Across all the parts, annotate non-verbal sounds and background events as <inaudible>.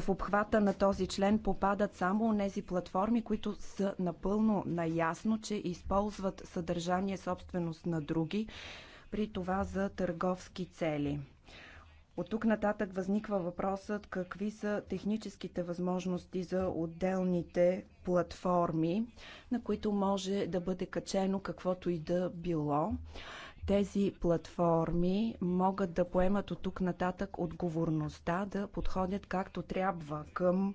В обхвата на този член попадат само тези платформи, които са напълно наясно, че използват съдържание собственост на други, при това за търговски цели. От тук нататък възниква въпросът какви са техническите възможности за отделните платформи, на които може да бъде качено каквото и да било. Тези платформи могат да поемат от тук нататък отговорността да подходят както трябва към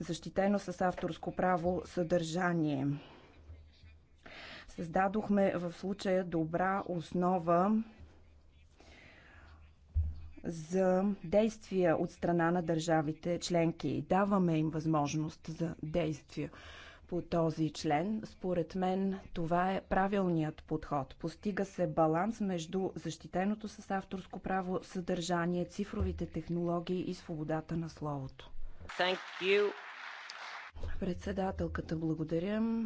защитено с авторско право съдържание. Създадохме в случая добра основа за действия от страна на държавите членки. Даваме им възможност за действия по този член. Според мен това е правилният подход. Постига се баланс между защитеното с авторско право съдържание, цифровите технологии и свободата на словото. Thank you. Председателката, благодаря.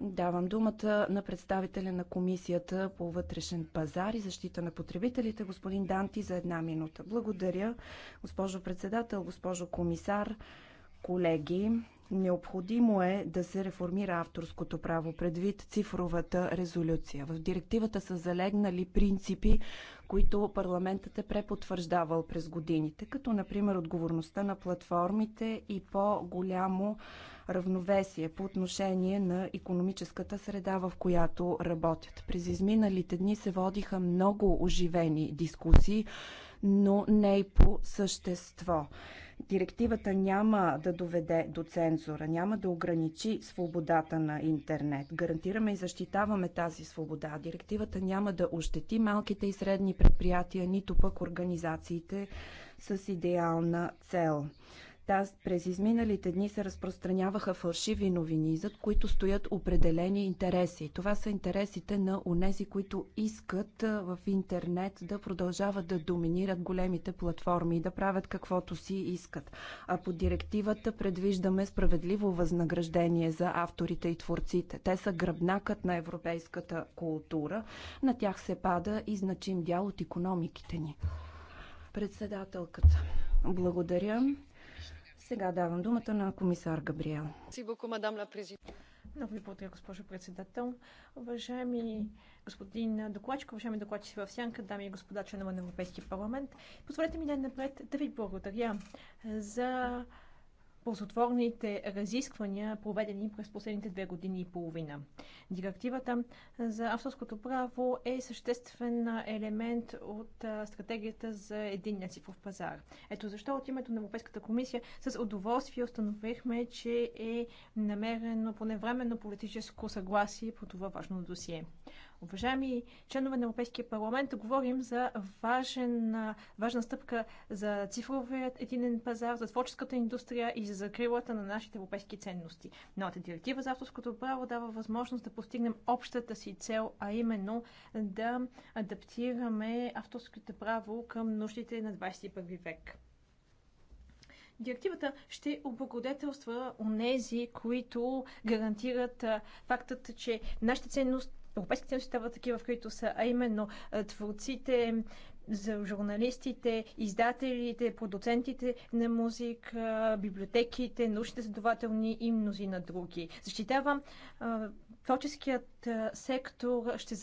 Давам думата на представителя на Комисията по вътрешен пазар и защита на потребителите, господин Данти, за една минута. Благодаря, госпожо председател, госпожо комисар, колеги. Необходимо е да се реформира авторското право предвид цифровата резолюция. В директивата са залегнали принципи, които парламентът е препотвърждавал през годините, като например отговорността на платформите и по-голямо равновесие по отношение на економическата среда, в която работят. През изминалите дни се водиха много оживени дискусии, но не и по същество директивата няма да доведе до цензура, няма да ограничи свободата на интернет. Гарантираме и защитаваме тази свобода. Директивата няма да ощети малките и средни предприятия, нито пък организациите с идеална цел. Таз през изминалите дни се разпространяваха фалшиви новини, зад които стоят определени интереси. Това са интересите на онези, които искат в интернет да продължават да доминират големите платформи и да правят каквото си искат. А по директивата предвиждаме справедливо възнаграждение за авторите и творците. Те са гръбнакът на европейската култура. На тях се пада и значим дял от економиките ни. Председателката. Благодаря. Сега давам думата на комисар Габриел. Много ви благодаря, госпожо председател. Уважаеми господин докладчик, уважаеми докладчици в Сянка, дами и господа членове на Европейския парламент, позволете ми най-напред да ви благодаря за ползотворните разисквания, проведени през последните две години и половина. Директивата за авторското право е съществен елемент от стратегията за един цифров пазар. Ето защо от името на Европейската комисия с удоволствие установихме, че е намерено поне временно политическо съгласие по това важно досие. Уважаеми членове на Европейския парламент, говорим за важен, важна стъпка за цифровият единен пазар, за творческата индустрия и за закрилата на нашите европейски ценности. Новата директива за авторското право дава възможност да постигнем общата си цел, а именно да адаптираме авторското право към нуждите на 21 век. Директивата ще облагодетелства у нези, които гарантират фактът, че нашите ценности европейските ценности стават такива, в които са, а именно творците, за журналистите, издателите, продуцентите на музика, библиотеките, научните следователни и мнози на други. Защитавам творческият сектор ще,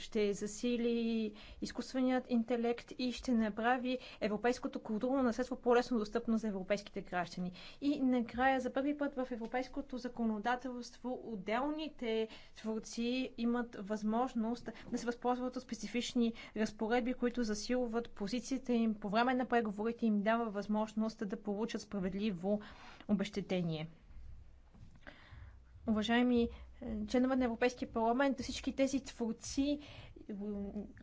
ще засили изкуственият интелект и ще направи европейското културно наследство по-лесно достъпно за европейските граждани. И накрая, за първи път в европейското законодателство отделните творци имат възможност да се възползват от специфични разпоредби, които засилват позицията им по време на преговорите им дава възможност да получат справедливо обещетение. Уважаеми членове на Европейския парламент, всички тези творци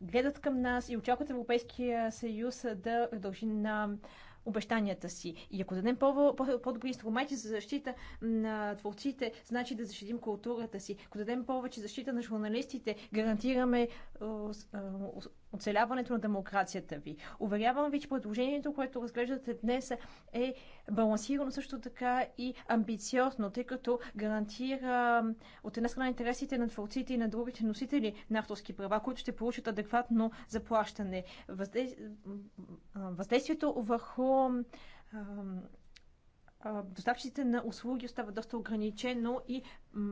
гледат към нас и очакват Европейския съюз да продължи на обещанията си. И ако дадем по-добри по инструменти за защита на творците, значи да защитим културата си. Ако дадем повече защита на журналистите, гарантираме е, е, оцеляването на демокрацията ви. Уверявам ви, че предложението, което разглеждате днес е балансирано също така и амбициозно, тъй като гарантира от една страна интересите на творците и на другите носители на авторски права, които ще получат адекватно заплащане. Въздействието върху но доставчиците на услуги остават доста ограничено и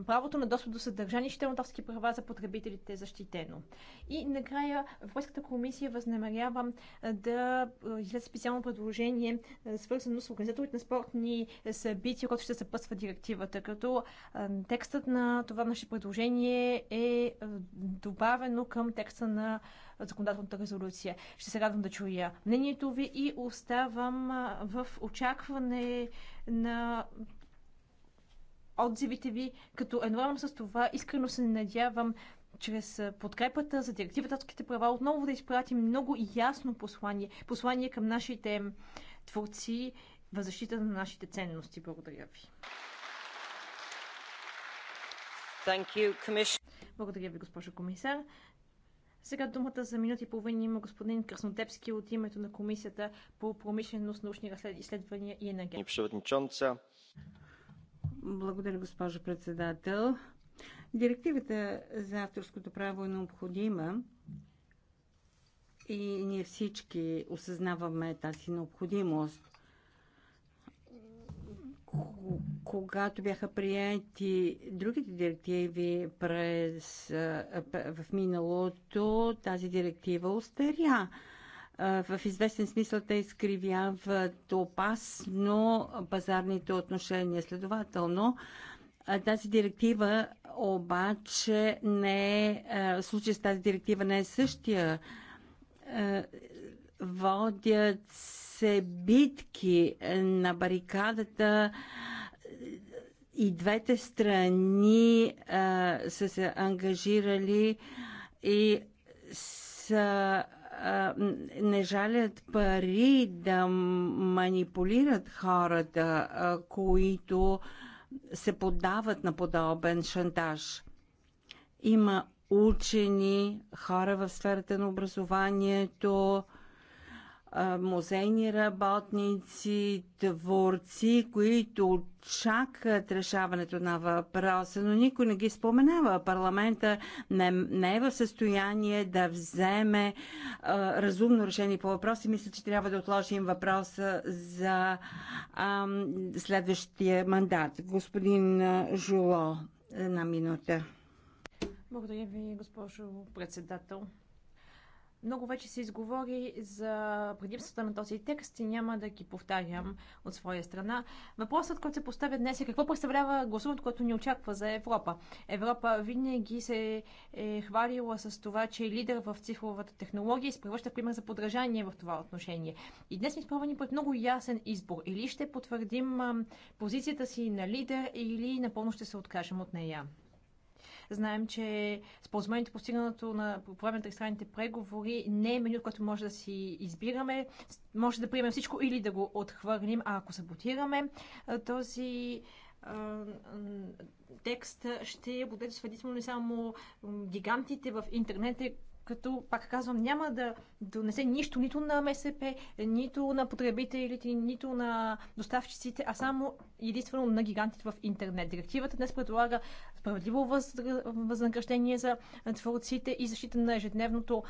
правото на достъп до съдържание, считано авторски права за потребителите е защитено. И накрая Европейската комисия възнамерява да излезе специално предложение, свързано с организаторите на спортни събития, което ще съпътства директивата, като текстът на това наше предложение е добавено към текста на законодателната резолюция. Ще се радвам да чуя мнението ви и оставам в очакване на отзивите ви, като едновременно с това искрено се надявам чрез подкрепата за директиватарските права отново да изпратим много ясно послание, послание към нашите творци в защита на нашите ценности. Благодаря ви. You, Благодаря ви, госпожо комисар. Сега думата за минути и половина има господин Краснотепски от името на Комисията по промишленост, научни изследвания и енергетика. Благодаря, госпожо председател. Директивата за авторското право е необходима и ние всички осъзнаваме тази необходимост. Когато бяха приети другите директиви през, в миналото, тази директива устаря в известен смисъл те изкривяват опасно пазарните отношения. Следователно, тази директива обаче не е, случай с тази директива не е същия. Водят се битки на барикадата и двете страни а, са се ангажирали и са не жалят пари да манипулират хората, които се поддават на подобен шантаж. Има учени, хора в сферата на образованието, музейни работници, творци, които чакат решаването на въпроса, но никой не ги споменава. Парламента не, не е в състояние да вземе а, разумно решение по въпроси. Мисля, че трябва да отложим въпроса за а, следващия мандат. Господин Жуло, една минута. Благодаря ви, госпожо председател. Много вече се изговори за предимствата на този текст и няма да ги повтарям от своя страна. Въпросът, който се поставя днес е какво представлява гласуването, което ни очаква за Европа. Европа винаги се е хвалила с това, че е лидер в цифровата технология и се превръща пример за подражание в това отношение. И днес сме изправени пред много ясен избор. Или ще потвърдим позицията си на лидер, или напълно ще се откажем от нея. Знаем, че споразумението постигнато на по време на тристранните преговори не е меню, което може да си избираме. Може да приемем всичко или да го отхвърлим, а ако саботираме този текст ще бъде свидетелно не само гигантите в интернет, като, пак казвам, няма да донесе нищо нито на МСП, нито на потребителите, нито на доставчиците, а само единствено на гигантите в интернет. Директивата днес предлага справедливо възнаграждение за творците и защита на ежедневното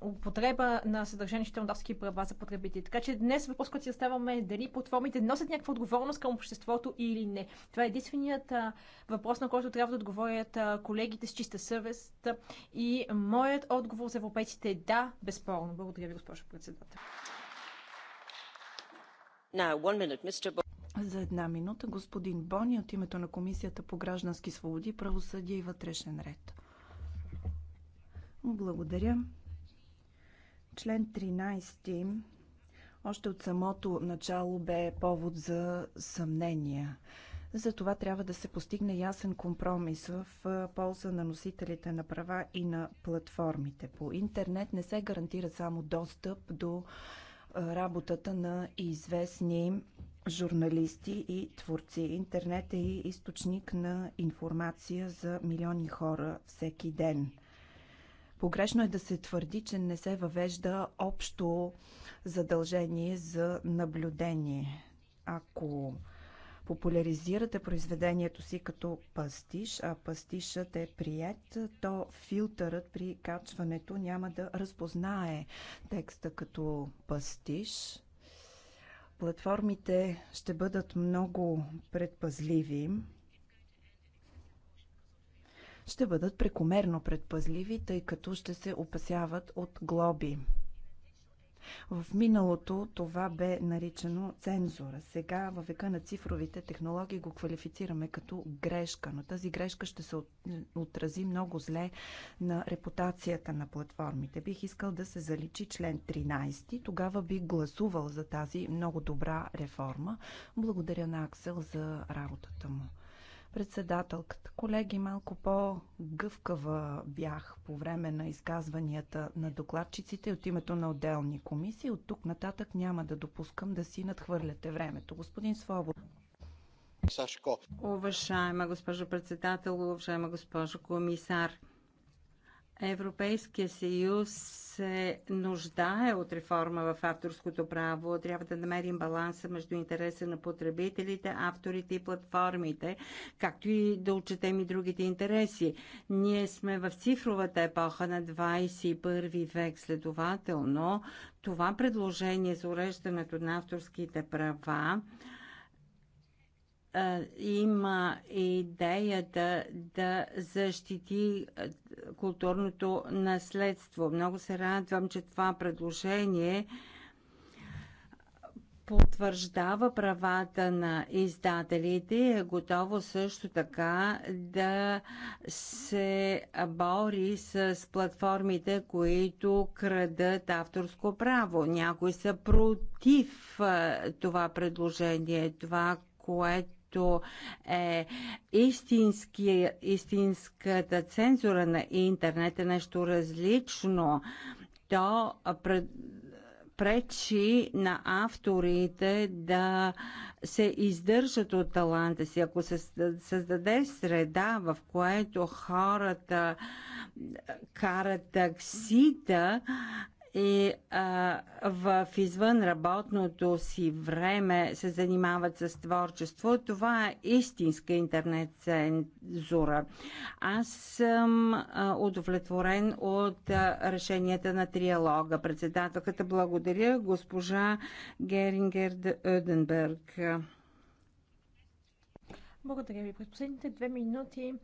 употреба на съдържание щитондарски права за потребители. Така че днес въпрос, който си оставаме е дали платформите носят някаква отговорност към обществото или не. Това е единственият въпрос, на който трябва да отговорят колегите с чиста съвест. И моят отговор за европейците е да, безспорно. Благодаря ви, госпожо председател. Now, one minute, Mr. Bo- за една минута господин Бони от името на Комисията по граждански свободи, правосъдие и вътрешен ред. Благодаря. Член 13 още от самото начало бе повод за съмнения. За това трябва да се постигне ясен компромис в полза на носителите на права и на платформите. По интернет не се гарантира само достъп до работата на известни журналисти и творци. Интернет е и източник на информация за милиони хора всеки ден. Погрешно е да се твърди, че не се въвежда общо задължение за наблюдение. Ако популяризирате произведението си като пастиш, а пастишът е прият, то филтърът при качването няма да разпознае текста като пастиш. Платформите ще бъдат много предпазливи. Ще бъдат прекомерно предпазливи, тъй като ще се опасяват от глоби. В миналото това бе наричано цензура. Сега, във века на цифровите технологии, го квалифицираме като грешка, но тази грешка ще се отрази много зле на репутацията на платформите. Бих искал да се заличи член 13. Тогава бих гласувал за тази много добра реформа. Благодаря на Аксел за работата му. Председателката, колеги, малко по-гъвкава бях по време на изказванията на докладчиците от името на отделни комисии. От тук нататък няма да допускам да си надхвърляте времето. Господин Свобод. Сашко. Уважаема госпожо председател, уважаема госпожо комисар, Европейския съюз се нуждае от реформа в авторското право. Трябва да намерим баланса между интереса на потребителите, авторите и платформите, както и да отчетем и другите интереси. Ние сме в цифровата епоха на 21 век, следователно това предложение за уреждането на авторските права има идеята да защити културното наследство. Много се радвам, че това предложение потвърждава правата на издателите и е готово също така да се бори с платформите, които крадат авторско право. Някои са против това предложение, това, което което е истински, истинската цензура на интернет, е нещо различно. То пред, пречи на авторите да се издържат от таланта си. Ако се създаде среда, в която хората карат таксита, и а, в извън работното си време се занимават с творчество. Това е истинска интернет цензура. Аз съм а, удовлетворен от а, решенията на триалога. Председателката благодаря госпожа Герингер Оденберг. Благодаря ви. През последните две минути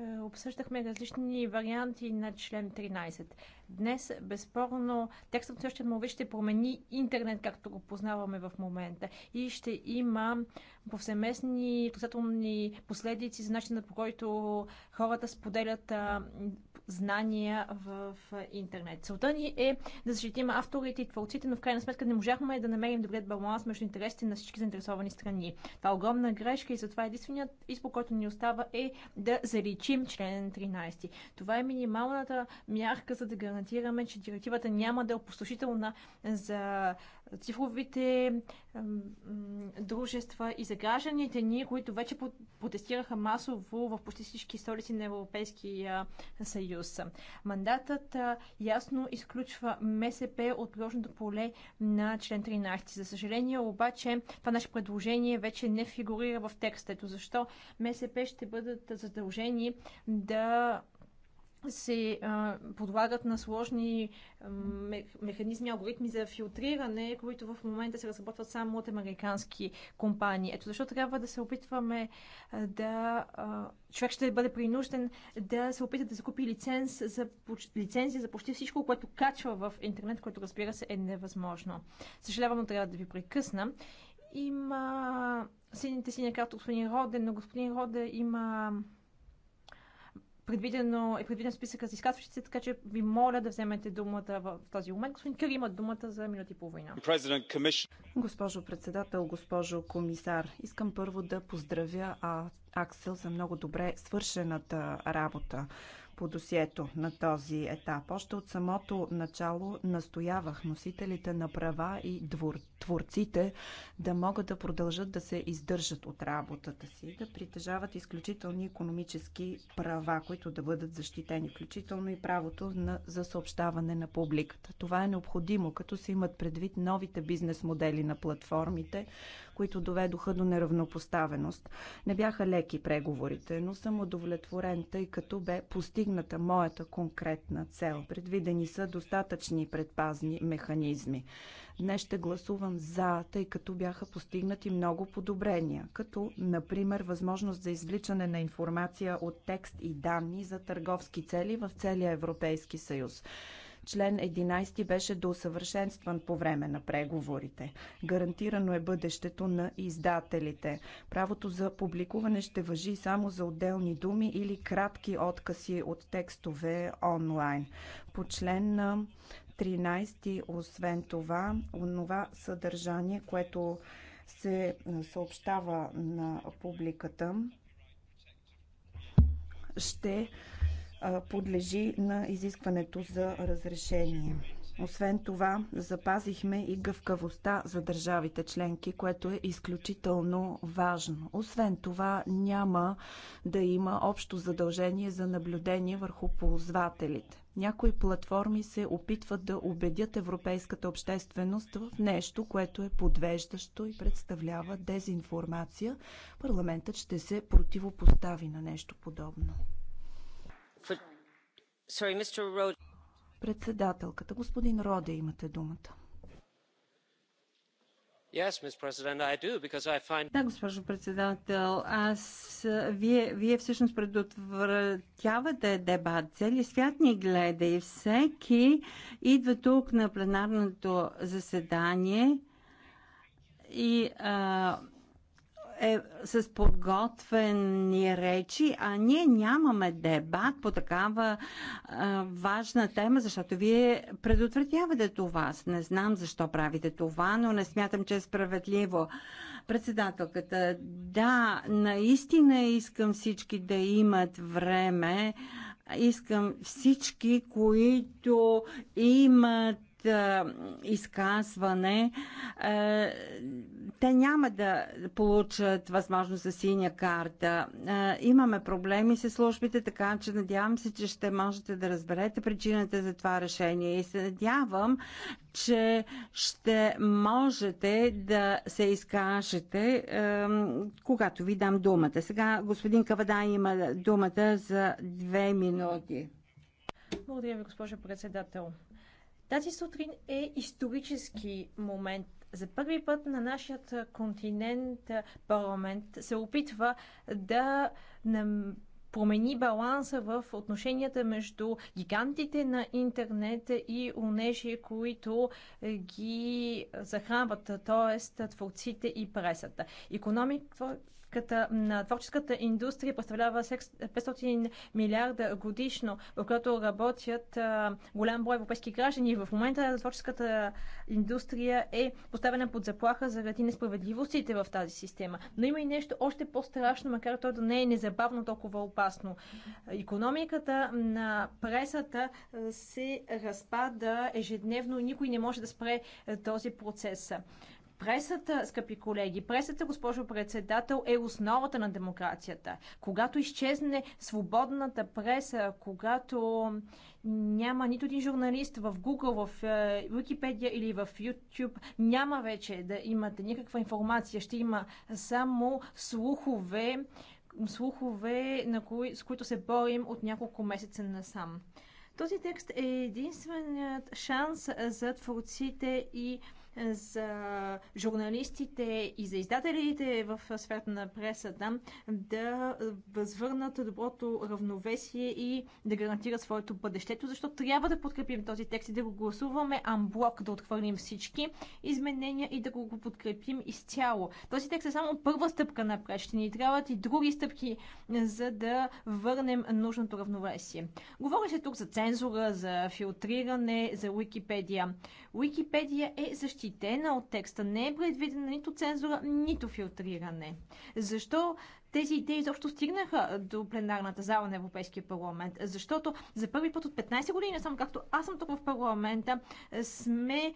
е, обсъждахме различни варианти на член 13. Днес, безспорно, текстът също му ще промени интернет, както го познаваме в момента. И ще има повсеместни отрицателни последици за начина по който хората споделят знания в интернет. Целта ни е да защитим авторите и творците, но в крайна сметка не можахме да намерим добре баланс между интересите на всички заинтересовани страни. Това е огромна грешка и затова единственият избор, който ни остава е да заличим член 13. Това е минималната мярка, за да гарантираме, че директивата няма да е опустошителна за цифровите дружества и за гражданите ни, които вече протестираха масово в почти всички столици на Европейския съюз. Мандатът ясно изключва МСП от приложното поле на член 13. За съжаление, обаче, това наше предложение вече не фигурира в текста. Ето защо МСП ще бъдат задължени да се а, подлагат на сложни а, механизми, алгоритми за филтриране, които в момента се разработват само от американски компании. Ето защо трябва да се опитваме да. А, човек ще бъде принужден да се опита да закупи лиценз за, лицензия за почти всичко, което качва в интернет, което разбира се е невъзможно. Съжалявам, но трябва да ви прекъсна. Има сините синя карта, господин Роде, но господин Роде има предвидено, е предвиден списъка с изказващите така че ви моля да вземете думата в този момент. Господин Кър има думата за минути и половина. Госпожо председател, госпожо комисар, искам първо да поздравя а, Аксел за много добре свършената работа по досието на този етап. Още от самото начало настоявах носителите на права и двор, творците да могат да продължат да се издържат от работата си, да притежават изключителни економически права, които да бъдат защитени, включително и правото на, за съобщаване на публиката. Това е необходимо, като се имат предвид новите бизнес модели на платформите, които доведоха до неравнопоставеност. Не бяха леки преговорите, но съм удовлетворен, тъй като бе постигната моята конкретна цел. Предвидени са достатъчни предпазни механизми. Днес ще гласувам за, тъй като бяха постигнати много подобрения, като, например, възможност за извличане на информация от текст и данни за търговски цели в целия Европейски съюз. Член 11 беше доусъвършенстван по време на преговорите. Гарантирано е бъдещето на издателите. Правото за публикуване ще въжи само за отделни думи или кратки откази от текстове онлайн. По член 13, освен това, онова съдържание, което се е, съобщава на публиката, ще подлежи на изискването за разрешение. Освен това, запазихме и гъвкавостта за държавите членки, което е изключително важно. Освен това, няма да има общо задължение за наблюдение върху ползвателите. Някои платформи се опитват да убедят европейската общественост в нещо, което е подвеждащо и представлява дезинформация. Парламентът ще се противопостави на нещо подобно. Sorry, Mr. Rode. Председателката, господин Роде, имате думата. Yes, do, find... Да, госпожо председател, аз, вие, вие всъщност предотвратявате дебат. Цели свят ни гледа и всеки идва тук на пленарното заседание и а, е с подготвени речи, а ние нямаме дебат по такава а, важна тема, защото вие предотвратявате това. Не знам защо правите това, но не смятам, че е справедливо. Председателката, да, наистина искам всички да имат време. Искам всички, които имат е, изказване, е, те няма да получат възможност за синя карта. Е, имаме проблеми с службите, така че надявам се, че ще можете да разберете причината за това решение и се надявам, че ще можете да се изкажете, когато ви дам думата. Сега господин Кавадан има думата за две минути. Благодаря ви, госпожо председател. Тази сутрин е исторически момент. За първи път на нашия континент парламент се опитва да промени баланса в отношенията между гигантите на интернет и унежи, които е, ги захранват, т.е. творците и пресата. Економиката творческата, на творческата индустрия представлява 500 милиарда годишно, в която работят голям брой европейски граждани. В момента творческата индустрия е поставена под заплаха заради несправедливостите в тази система. Но има и нещо още по-страшно, макар то да не е незабавно толкова опасно. Економиката на пресата се разпада ежедневно и никой не може да спре този процес. Пресата, скъпи колеги, пресата, госпожо председател, е основата на демокрацията. Когато изчезне свободната преса, когато няма нито един журналист в Google, в е, Wikipedia или в YouTube, няма вече да имате никаква информация. Ще има само слухове, слухове на кои, с които се борим от няколко месеца насам. Този текст е единственият шанс за творците и за журналистите и за издателите в сферата на пресата да възвърнат доброто равновесие и да гарантират своето бъдещето, защото трябва да подкрепим този текст и да го гласуваме амблок, да отхвърлим всички изменения и да го, подкрепим изцяло. Този текст е само първа стъпка на Ще ни трябват и други стъпки, за да върнем нужното равновесие. Говори се тук за цензура, за филтриране, за Уикипедия. Википедия е защита на от текста. Не е предвидена нито цензура, нито филтриране. Защо тези идеи изобщо стигнаха до пленарната зала на Европейския парламент. Защото за първи път от 15 години, само както аз съм тук в парламента, е, сме е,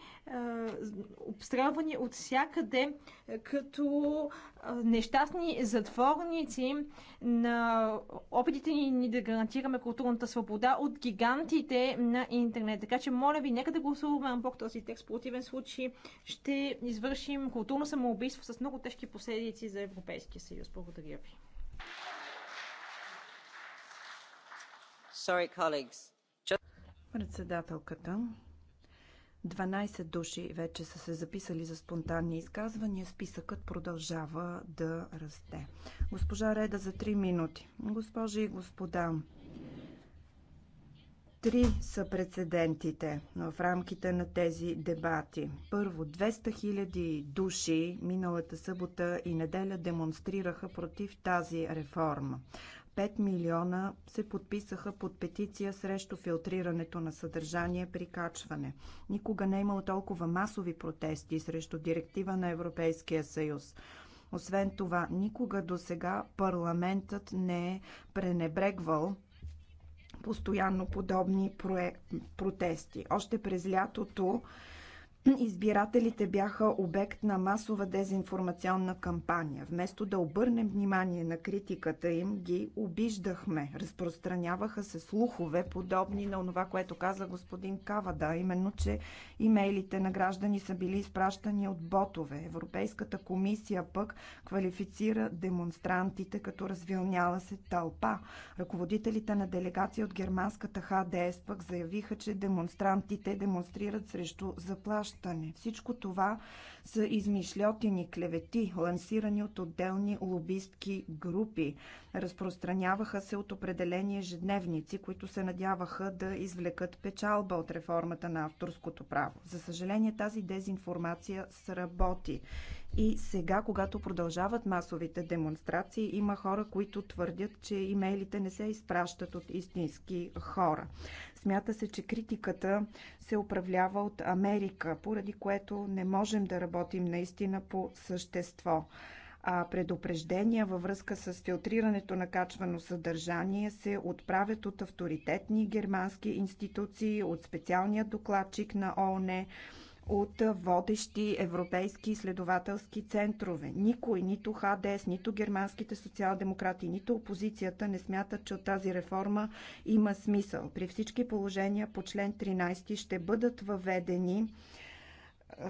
обстрелвани от всякъде е, като е, нещастни затворници на опитите ни, ни да гарантираме културната свобода от гигантите на интернет. Така че, моля ви, нека да гласуваме Бог този текст. противен случай ще извършим културно самоубийство с много тежки последици за Европейския съюз. Благодаря ви. Председателката. 12 души вече са се записали за спонтанни изказвания. Списъкът продължава да расте. Госпожа Реда за 3 минути. Госпожи и господа, Три са прецедентите в рамките на тези дебати. Първо, 200 000 души миналата събота и неделя демонстрираха против тази реформа. 5 милиона се подписаха под петиция срещу филтрирането на съдържание при качване. Никога не е имало толкова масови протести срещу директива на Европейския съюз. Освен това, никога до сега парламентът не е пренебрегвал постоянно подобни протести. Още през лятото <clears throat> избирателите бяха обект на масова дезинформационна кампания. Вместо да обърнем внимание на критиката им, ги обиждахме. Разпространяваха се слухове, подобни на това, което каза господин Кавада, именно, че имейлите на граждани са били изпращани от ботове. Европейската комисия пък квалифицира демонстрантите като развилняла се тълпа. Ръководителите на делегация от германската ХДС пък заявиха, че демонстрантите демонстрират срещу заплащане плащане. Всичко това са измишлетини клевети, лансирани от отделни лобистки групи. Разпространяваха се от определени ежедневници, които се надяваха да извлекат печалба от реформата на авторското право. За съжаление тази дезинформация сработи. И сега, когато продължават масовите демонстрации, има хора, които твърдят, че имейлите не се изпращат от истински хора. Смята се, че критиката се управлява от Америка, поради което не можем да работим наистина по същество а предупреждения във връзка с филтрирането на качвано съдържание се отправят от авторитетни германски институции, от специалния докладчик на ООН, от водещи европейски изследователски центрове. Никой, нито ХДС, нито германските социал-демократи, нито опозицията не смятат, че от тази реформа има смисъл. При всички положения по член 13 ще бъдат въведени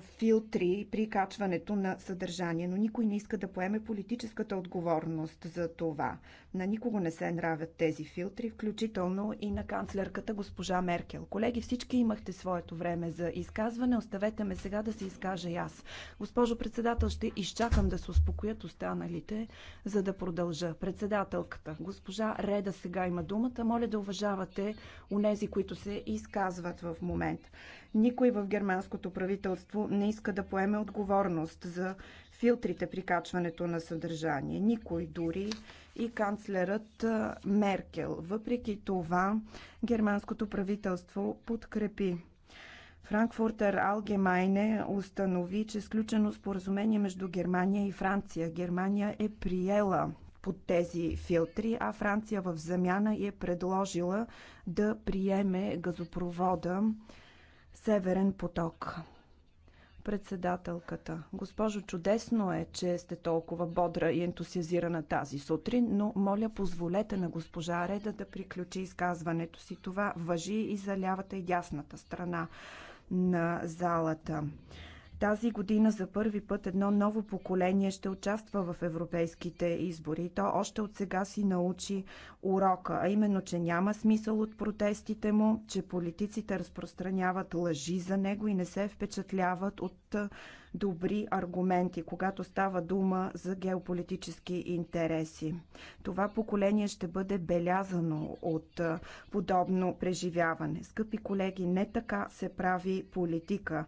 филтри при качването на съдържание, но никой не иска да поеме политическата отговорност за това. На никого не се нравят тези филтри, включително и на канцлерката госпожа Меркел. Колеги, всички имахте своето време за изказване. Оставете ме сега да се изкажа и аз. Госпожо председател, ще изчакам да се успокоят останалите, за да продължа. Председателката, госпожа Реда сега има думата. Моля да уважавате унези, които се изказват в момента. Никой в германското правителство не иска да поеме отговорност за филтрите при качването на съдържание. Никой дори и канцлерът Меркел. Въпреки това, германското правителство подкрепи Франкфуртер Алгемайне установи, че сключено споразумение между Германия и Франция. Германия е приела под тези филтри, а Франция в замяна е предложила да приеме газопровода Северен поток. Председателката. Госпожо, чудесно е, че сте толкова бодра и ентусиазирана тази сутрин, но моля позволете на госпожа Реда да приключи изказването си. Това въжи и за лявата и дясната страна на залата. Тази година за първи път едно ново поколение ще участва в европейските избори. То още от сега си научи урока, а именно, че няма смисъл от протестите му, че политиците разпространяват лъжи за него и не се впечатляват от добри аргументи, когато става дума за геополитически интереси. Това поколение ще бъде белязано от подобно преживяване. Скъпи колеги, не така се прави политика.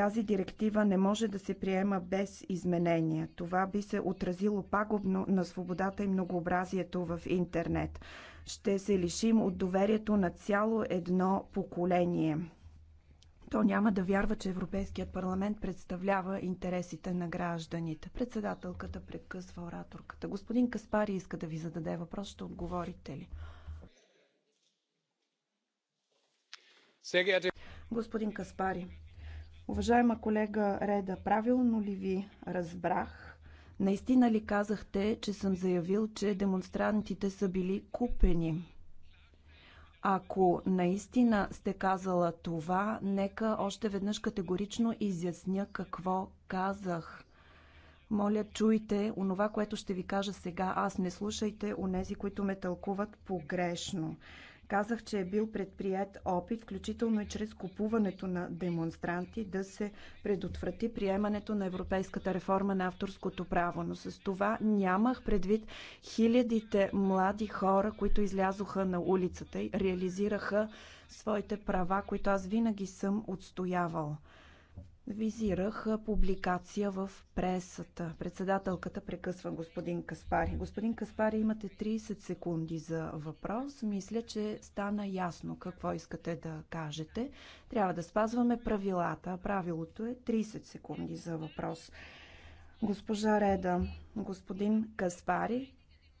Тази директива не може да се приема без изменения. Това би се отразило пагубно на свободата и многообразието в интернет. Ще се лишим от доверието на цяло едно поколение. То няма да вярва, че Европейският парламент представлява интересите на гражданите. Председателката прекъсва ораторката. Господин Каспари иска да ви зададе въпрос. Ще отговорите ли? Господин Каспари, Уважаема колега Реда, правилно ли ви разбрах? Наистина ли казахте, че съм заявил, че демонстрантите са били купени? Ако наистина сте казала това, нека още веднъж категорично изясня какво казах. Моля, чуйте онова, което ще ви кажа сега. Аз не слушайте онези, които ме тълкуват погрешно. Казах, че е бил предприят опит, включително и чрез купуването на демонстранти, да се предотврати приемането на европейската реформа на авторското право. Но с това нямах предвид хилядите млади хора, които излязоха на улицата и реализираха своите права, които аз винаги съм отстоявал визирах публикация в пресата. Председателката прекъсва господин Каспари. Господин Каспари, имате 30 секунди за въпрос. Мисля, че стана ясно какво искате да кажете. Трябва да спазваме правилата. Правилото е 30 секунди за въпрос. Госпожа Реда, господин Каспари,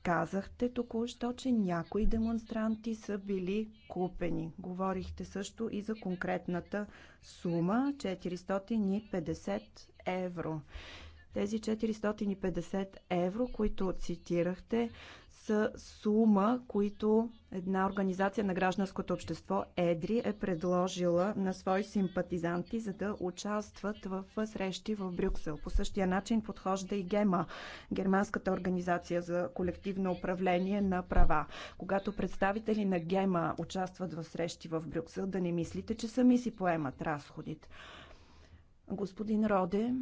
Казахте току-що, че някои демонстранти са били купени. Говорихте също и за конкретната сума 450 евро. Тези 450 евро, които цитирахте, са сума, които една организация на гражданското общество ЕДРИ е предложила на свои симпатизанти, за да участват в срещи в Брюксел. По същия начин подхожда и ГЕМА, Германската организация за колективно управление на права. Когато представители на ГЕМА участват в срещи в Брюксел, да не мислите, че сами си поемат разходите. Господин Роде,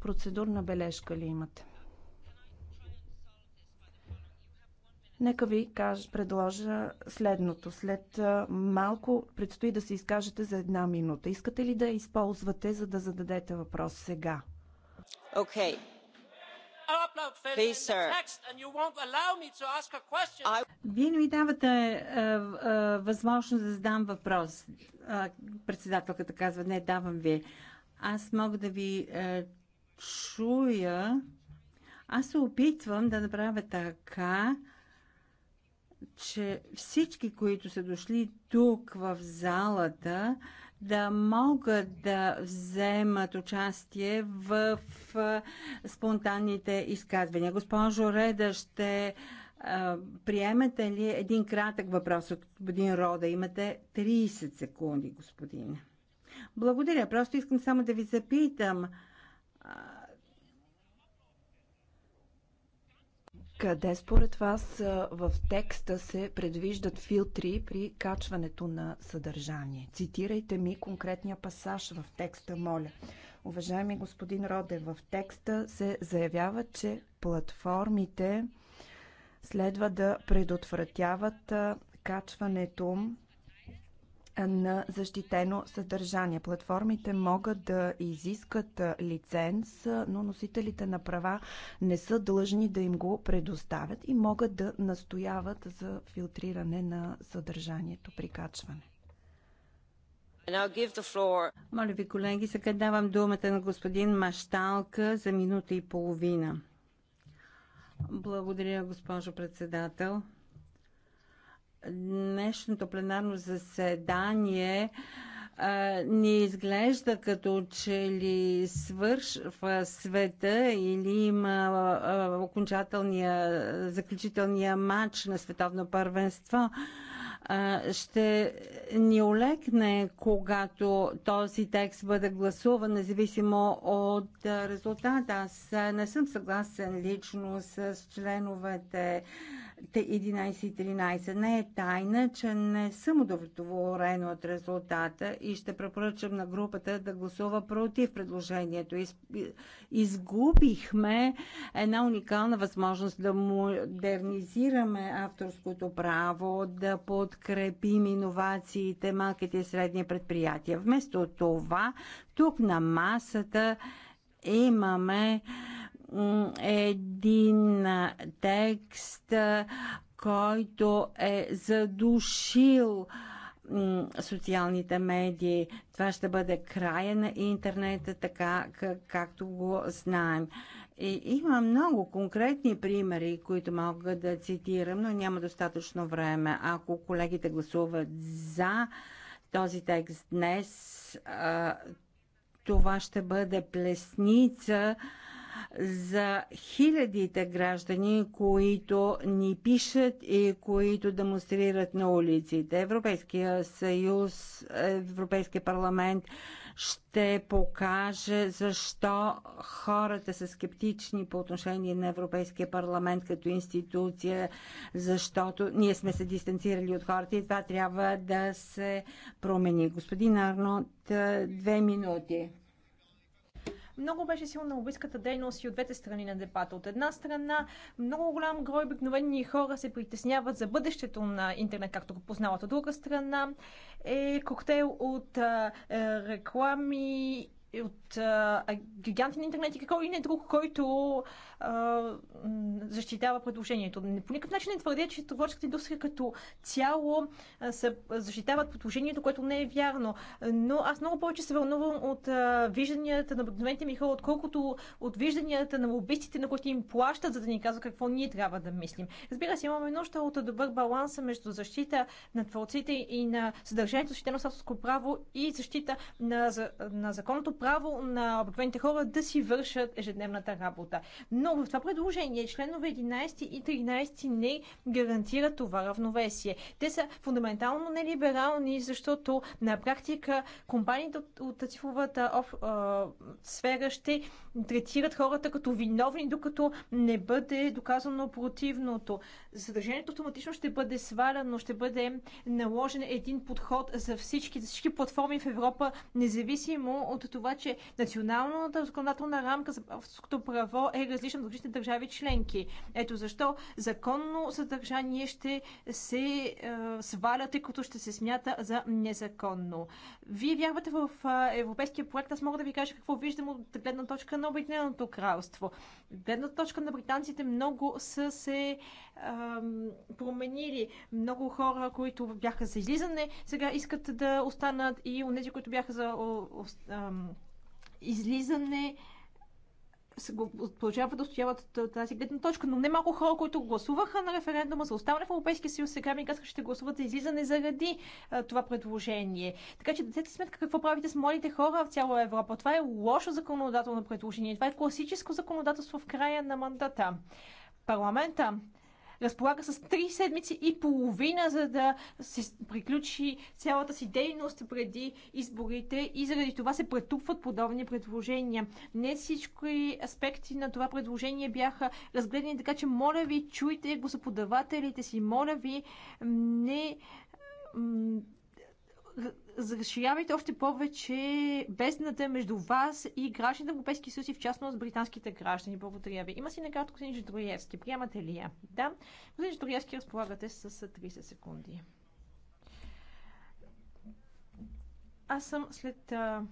процедурна бележка ли имате? Нека ви кажа, предложа следното. След малко предстои да се изкажете за една минута. Искате ли да я използвате, за да зададете въпрос сега? Okay. I... Вие не ми давате възможност да задам въпрос. Председателката казва, не, давам ви. Аз мога да ви чуя. Аз се опитвам да направя така, че всички, които са дошли тук в залата, да могат да вземат участие в спонтанните изказвания. Госпожо Реда, ще приемете ли един кратък въпрос от господин Рода? Имате 30 секунди, господин. Благодаря. Просто искам само да ви запитам. Къде според вас в текста се предвиждат филтри при качването на съдържание? Цитирайте ми конкретния пасаж в текста, моля. Уважаеми господин Роде, в текста се заявява, че платформите следва да предотвратяват качването на защитено съдържание. Платформите могат да изискат лиценз, но носителите на права не са длъжни да им го предоставят и могат да настояват за филтриране на съдържанието при качване. Моля ви, колеги, сега давам думата на господин Машталка за минута и половина. Благодаря, госпожо председател днешното пленарно заседание ни изглежда като че ли свършва света или има окончателния, заключителния матч на световно първенство, ще ни олекне, когато този текст бъде гласуван, независимо от резултата. Аз не съм съгласен лично с членовете 11.13. Не е тайна, че не съм удовлетворена от резултата и ще препоръчам на групата да гласува против предложението. Из, изгубихме една уникална възможност да модернизираме авторското право, да подкрепим иновациите, малките и средни предприятия. Вместо това, тук на масата имаме един текст, който е задушил социалните медии. Това ще бъде края на интернета, така как, както го знаем. И има много конкретни примери, които мога да цитирам, но няма достатъчно време. Ако колегите гласуват за този текст днес, това ще бъде плесница за хилядите граждани, които ни пишат и които демонстрират на улиците. Европейския съюз, Европейския парламент ще покаже защо хората са скептични по отношение на Европейския парламент като институция, защото ние сме се дистанцирали от хората и това трябва да се промени. Господин Арнот, две минути. Много беше силна лобистката дейност и от двете страни на депата. От една страна, много голям грой обикновени хора се притесняват за бъдещето на интернет, както го познават. От друга страна, е коктейл от а, е, реклами от а, гиганти на интернет и какво и не друг, който а, защитава предложението. По никакъв начин не твърдя, че творческата индустрия като цяло а, са, защитават предложението, което не е вярно. Но аз много повече се вълнувам от а, вижданията на обикновените ми хора, отколкото от вижданията на лобистите, на които им плащат, за да ни казват какво ние трябва да мислим. Разбира се, имаме нужда от добър баланс между защита на творците и на съдържанието, защитено на право и защита на, на законното право на обикновените хора да си вършат ежедневната работа. Но в това предложение членове 11 и 13 не гарантират това равновесие. Те са фундаментално нелиберални, защото на практика компаниите от, цифровата сфера ще третират хората като виновни, докато не бъде доказано противното задължението автоматично ще бъде сваляно, ще бъде наложен един подход за всички, за всички платформи в Европа, независимо от това, че националната законодателна рамка за авторското право е различна от различните държави членки. Ето защо законно съдържание ще се е, сваля, тъй като ще се смята за незаконно. Вие вярвате в е, европейския проект, аз мога да ви кажа какво виждам от гледна точка на Обединеното кралство. Гледна точка на британците много са се променили. Много хора, които бяха за излизане, сега искат да останат и онези, които бяха за излизане, продължават да устояват от тази гледна точка. Но не малко хора, които гласуваха на референдума за оставане в Европейския съюз, сега ми казаха, ще гласуват за излизане заради а, това предложение. Така че дадете сметка какво правите с младите хора в цяла Европа. Това е лошо законодателно предложение. Това е класическо законодателство в края на мандата. Парламента разполага с 3 седмици и половина, за да се приключи цялата си дейност преди изборите и заради това се претупват подобни предложения. Не всички аспекти на това предложение бяха разгледани, така че моля ви, чуйте гласоподавателите си, моля ви, не разширявайте още повече бездната между вас и гражданите на Европейски съюз и в частност британските граждани. Благодаря ви. Има си наград господин Жидроевски. Приемате ли я? Да. Господин Жидроевски, разполагате с 30 секунди. Аз съм след а,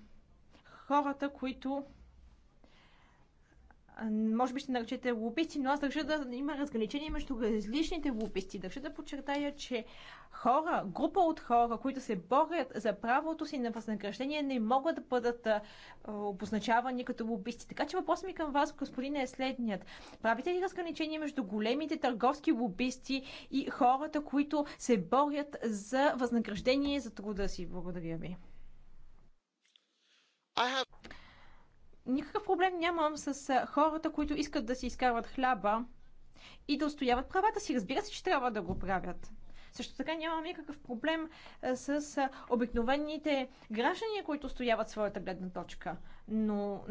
хората, които може би ще наречете глуписти, но аз държа да има разграничение между различните глуписти. Държа да подчертая, че хора, група от хора, които се борят за правото си на възнаграждение, не могат да бъдат обозначавани като лобисти. Така че въпросът ми към вас, господине, е следният. Правите ли разграничение между големите търговски лобисти и хората, които се борят за възнаграждение за труда си? Благодаря ви никакъв проблем нямам с хората, които искат да си изкарват хляба и да устояват правата си. Разбира се, че трябва да го правят. Също така нямам никакъв проблем с обикновените граждани, които стояват своята гледна точка. Но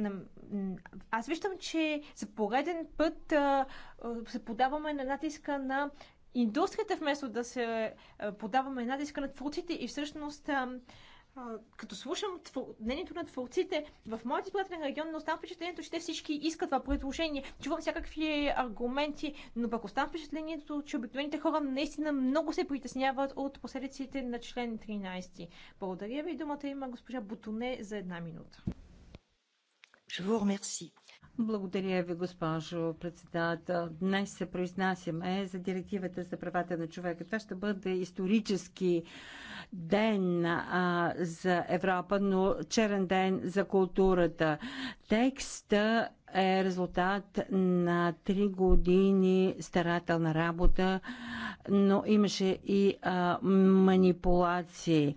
аз виждам, че за пореден път се подаваме на натиска на индустрията, вместо да се подаваме натиска на творците и всъщност като слушам твор... мнението на творците в моят избирателен регион, не оставам впечатлението, че те всички искат това предложение. Чувам всякакви аргументи, но пък оставам впечатлението, че обикновените хора наистина много се притесняват от последиците на член 13. Благодаря ви. Думата има госпожа Бутоне за една минута. Je vous remercie. Благодаря ви, госпожо председател. Днес се произнасяме за директивата за правата на човека. Това ще бъде исторически ден а, за Европа, но черен ден за културата. Текста е резултат на три години старателна работа, но имаше и а, манипулации.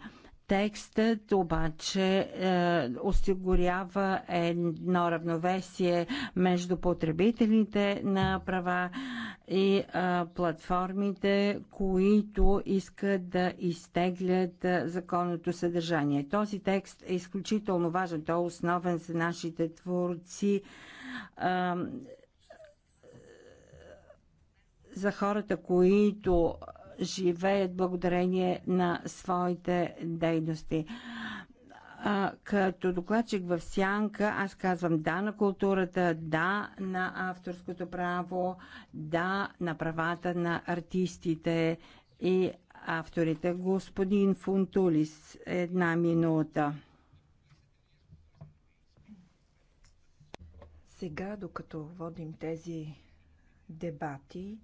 Текстът обаче е, осигурява едно равновесие между потребителите на права и е, платформите, които искат да изтеглят е, законното съдържание. Този текст е изключително важен, той е основен за нашите творци. Е, за хората, които живеят благодарение на своите дейности. А, като докладчик в Сянка, аз казвам да на културата, да на авторското право, да на правата на артистите и авторите. Господин Фунтулис, една минута. Сега, докато водим тези дебати,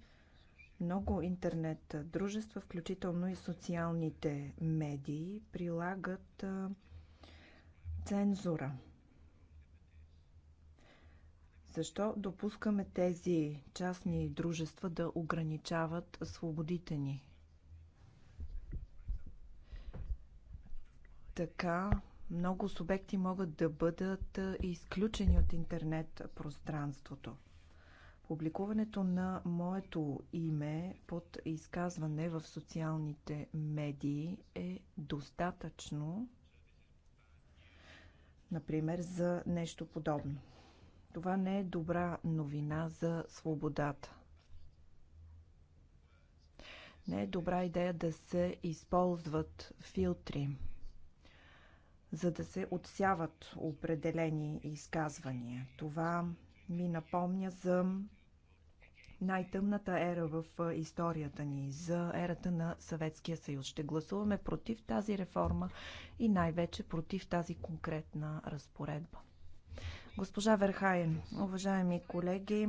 много интернет дружества, включително и социалните медии, прилагат цензура. Защо допускаме тези частни дружества да ограничават свободите ни? Така много субекти могат да бъдат изключени от интернет пространството. Публикуването на моето име под изказване в социалните медии е достатъчно, например, за нещо подобно. Това не е добра новина за свободата. Не е добра идея да се използват филтри, за да се отсяват определени изказвания. Това ми напомня за най-тъмната ера в историята ни, за ерата на Съветския съюз. Ще гласуваме против тази реформа и най-вече против тази конкретна разпоредба. Госпожа Верхаен, уважаеми колеги,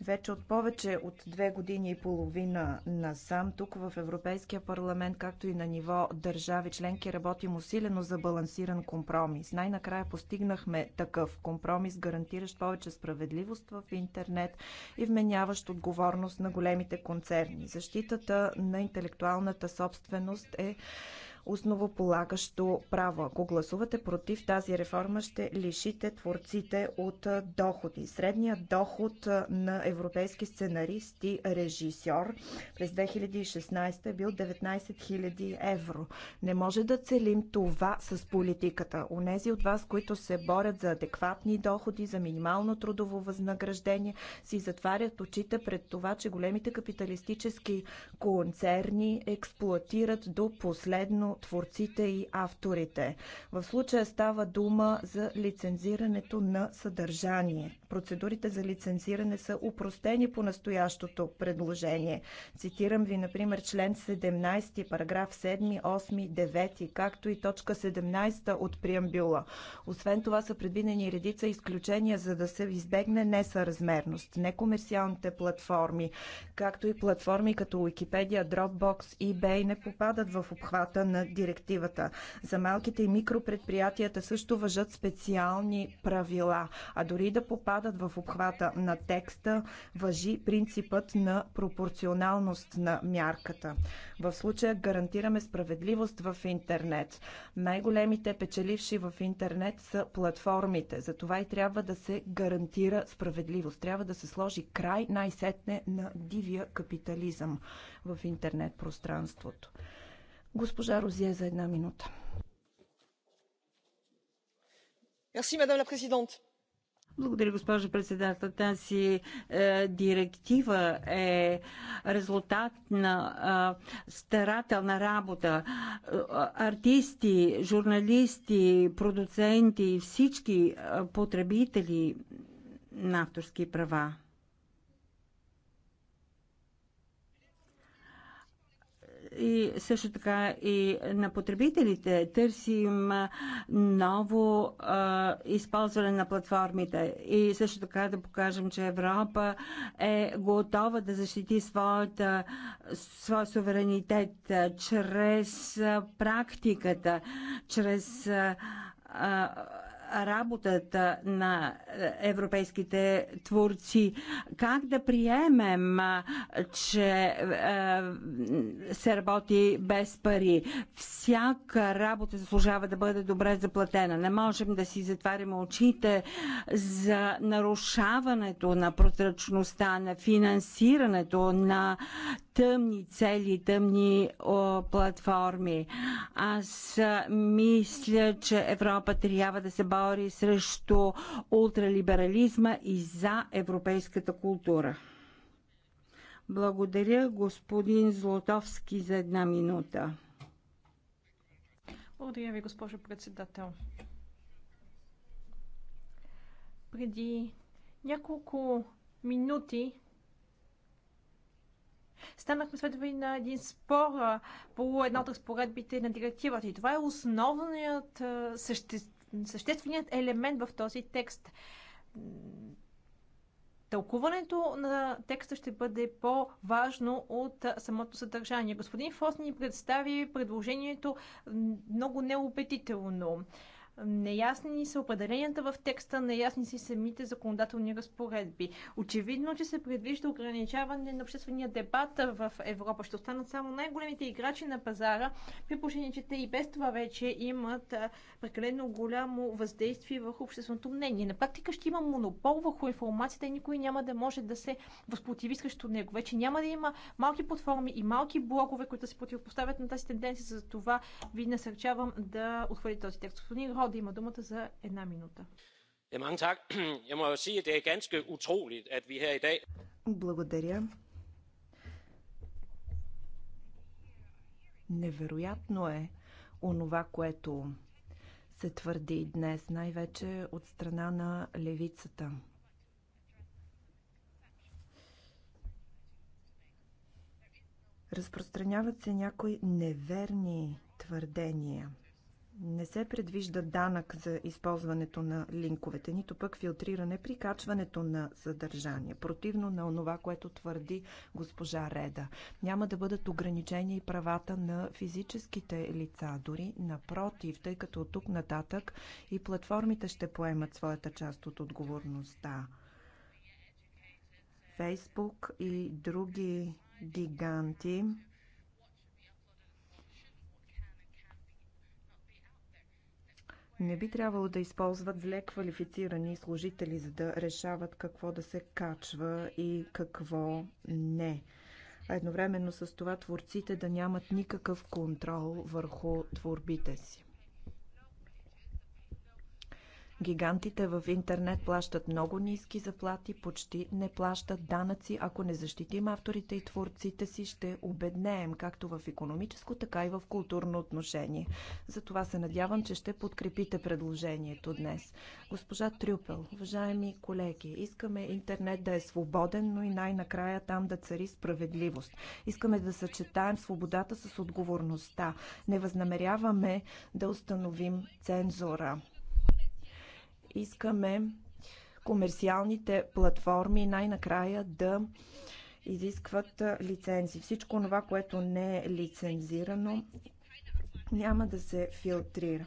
вече от повече от две години и половина насам, тук в Европейския парламент, както и на ниво държави членки, работим усилено за балансиран компромис. Най-накрая постигнахме такъв компромис, гарантиращ повече справедливост в интернет и вменяващ отговорност на големите концерни. Защитата на интелектуалната собственост е основополагащо право. Ако гласувате против тази реформа, ще лишите творците от доходи. Средният доход на европейски сценарист и режисьор през 2016 е бил 19 000 евро. Не може да целим това с политиката. Унези от вас, които се борят за адекватни доходи, за минимално трудово възнаграждение, си затварят очите пред това, че големите капиталистически концерни експлуатират до последно именно творците и авторите. В случая става дума за лицензирането на съдържание. Процедурите за лицензиране са упростени по настоящото предложение. Цитирам ви, например, член 17, параграф 7, 8, 9, както и точка 17 от преамбюла. Освен това са предвидени редица изключения, за да се избегне несъразмерност. Некомерциалните платформи, както и платформи като Wikipedia, Dropbox, eBay не попадат в обхвата на на директивата. За малките и микропредприятията също въжат специални правила, а дори да попадат в обхвата на текста, въжи принципът на пропорционалност на мярката. В случая гарантираме справедливост в интернет. Най-големите печеливши в интернет са платформите. Затова и трябва да се гарантира справедливост. Трябва да се сложи край най-сетне на дивия капитализъм в интернет пространството. Госпожа Розие за една минута. Благодаря, госпожо председател. Тази е, директива е резултат на е, старателна работа. Е, артисти, журналисти, продуценти, всички е, потребители на авторски права. и също така и на потребителите. Търсим ново а, използване на платформите и също така да покажем, че Европа е готова да защити своята, своя суверенитет чрез практиката, чрез а, работата на е, европейските творци. Как да приемем, че се работи без пари? Всяка работа заслужава да бъде добре заплатена. Не можем да си затваряме очите за нарушаването на прозрачността, на финансирането на тъмни цели, тъмни о, платформи. Аз мисля, че Европа трябва да се бори срещу ултралиберализма и за европейската култура. Благодаря господин Злотовски за една минута. Благодаря ви, госпожо председател. Преди няколко минути Станахме следвани на един спор по една от разпоредбите на директивата и това е основният съще... същественият елемент в този текст. Тълкуването на текста ще бъде по-важно от самото съдържание. Господин Фос ни представи предложението много неубедително. Неясни са определенията в текста, неясни са самите законодателни разпоредби. Очевидно, че се предвижда ограничаване на обществения дебат в Европа. Ще останат само най-големите играчи на пазара, при положение, че те и без това вече имат прекалено голямо въздействие върху общественото мнение. На практика ще има монопол върху информацията и никой няма да може да се възпротиви срещу него. Вече няма да има малки платформи и малки блокове, които се противопоставят на тази тенденция. За това ви насърчавам да отхвърлите този текст. Прода има думата за една минута. Благодаря. Невероятно е онова, което се твърди днес, най-вече от страна на левицата. Разпространяват се някои неверни твърдения – не се предвижда данък за използването на линковете, нито пък филтриране при качването на съдържание, противно на онова, което твърди госпожа Реда. Няма да бъдат ограничени и правата на физическите лица, дори напротив, тъй като от тук нататък и платформите ще поемат своята част от отговорността. Фейсбук и други гиганти Не би трябвало да използват зле квалифицирани служители, за да решават какво да се качва и какво не. А едновременно с това творците да нямат никакъв контрол върху творбите си. Гигантите в интернет плащат много ниски заплати, почти не плащат данъци. Ако не защитим авторите и творците си, ще обеднеем както в економическо, така и в културно отношение. Затова се надявам, че ще подкрепите предложението днес. Госпожа Трюпел, уважаеми колеги, искаме интернет да е свободен, но и най-накрая там да цари справедливост. Искаме да съчетаем свободата с отговорността. Не възнамеряваме да установим цензура. Искаме комерциалните платформи най-накрая да изискват лицензи. Всичко това, което не е лицензирано, няма да се филтрира.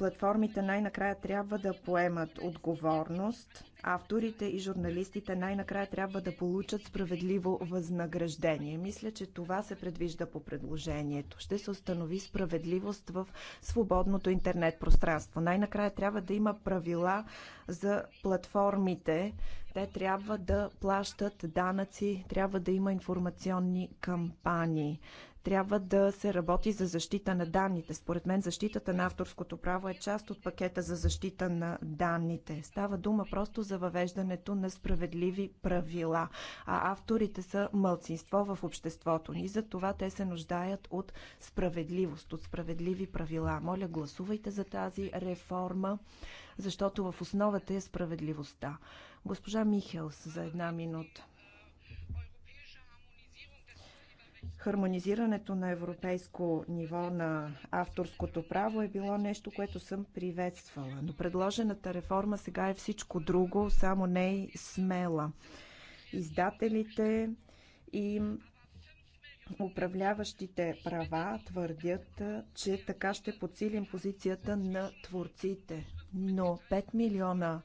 Платформите най-накрая трябва да поемат отговорност. Авторите и журналистите най-накрая трябва да получат справедливо възнаграждение. Мисля, че това се предвижда по предложението. Ще се установи справедливост в свободното интернет пространство. Най-накрая трябва да има правила за платформите. Те трябва да плащат данъци, трябва да има информационни кампании трябва да се работи за защита на данните. Според мен защитата на авторското право е част от пакета за защита на данните. Става дума просто за въвеждането на справедливи правила, а авторите са мълцинство в обществото ни. За това те се нуждаят от справедливост, от справедливи правила. Моля, гласувайте за тази реформа, защото в основата е справедливостта. Госпожа Михелс за една минута. хармонизирането на европейско ниво на авторското право е било нещо, което съм приветствала. Но предложената реформа сега е всичко друго, само не и смела. Издателите и управляващите права твърдят, че така ще подсилим позицията на творците. Но 5 милиона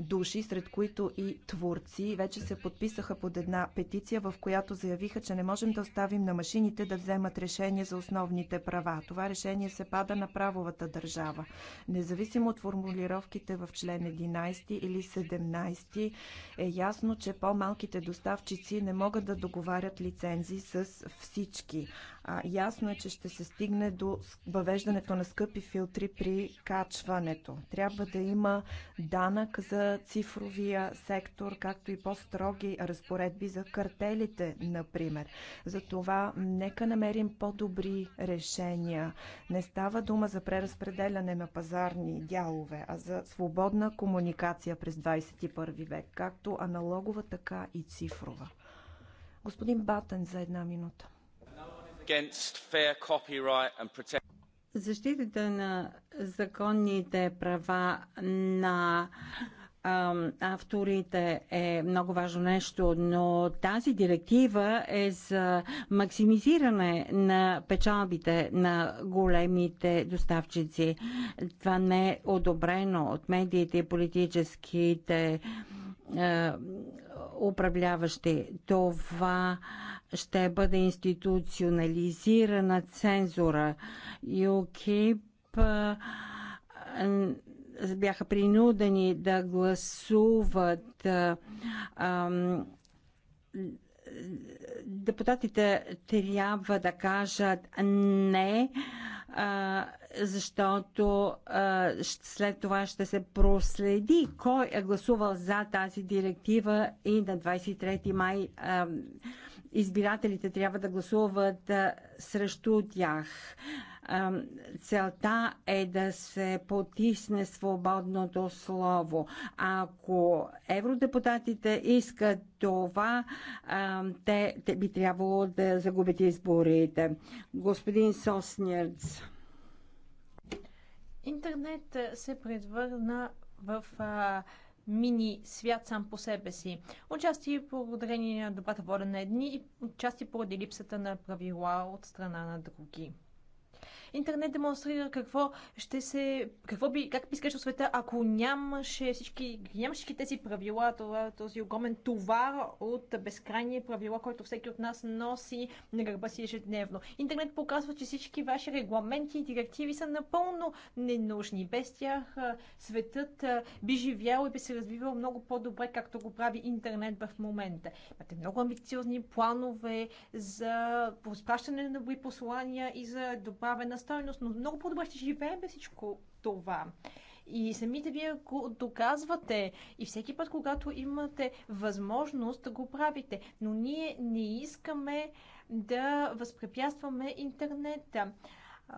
души, сред които и творци, вече се подписаха под една петиция, в която заявиха, че не можем да оставим на машините да вземат решение за основните права. Това решение се пада на правовата държава. Независимо от формулировките в член 11 или 17, е ясно, че по-малките доставчици не могат да договарят лицензи с всички. А, ясно е, че ще се стигне до въвеждането на скъпи филтри при качването. Трябва да има данък за цифровия сектор, както и по-строги разпоредби за картелите, например. Затова нека намерим по-добри решения. Не става дума за преразпределяне на пазарни дялове, а за свободна комуникация през 21 век, както аналогова, така и цифрова. Господин Батен за една минута. Защитата на законните права на авторите е много важно нещо, но тази директива е за максимизиране на печалбите на големите доставчици. Това не е одобрено от медиите и политическите управляващи. Това ще бъде институционализирана цензура. ЮКИП бяха принудени да гласуват депутатите трябва да кажат не, защото след това ще се проследи кой е гласувал за тази директива и на 23 май избирателите трябва да гласуват срещу тях. Целта е да се потисне свободното слово. Ако евродепутатите искат това, те, те би трябвало да загубят изборите. Господин Соснерц. Интернет се превърна в а, мини свят сам по себе си. Отчасти благодарение на добрата воля на едни и отчасти поради липсата на правила от страна на други. Интернет демонстрира какво ще се. Какво би, как би искаш света, ако нямаше всички, нямаше всички тези правила, това, този огромен товар от безкрайни правила, който всеки от нас носи на гърба си ежедневно. Интернет показва, че всички ваши регламенти и директиви са напълно ненужни. Без тях светът би живял и би се развивал много по-добре, както го прави интернет в момента. Имате много амбициозни планове за разпращане на добри послания и за добавена стойност, но много по-добре ще живеем без всичко това. И самите вие го доказвате. И всеки път, когато имате възможност, да го правите. Но ние не искаме да възпрепятстваме интернета.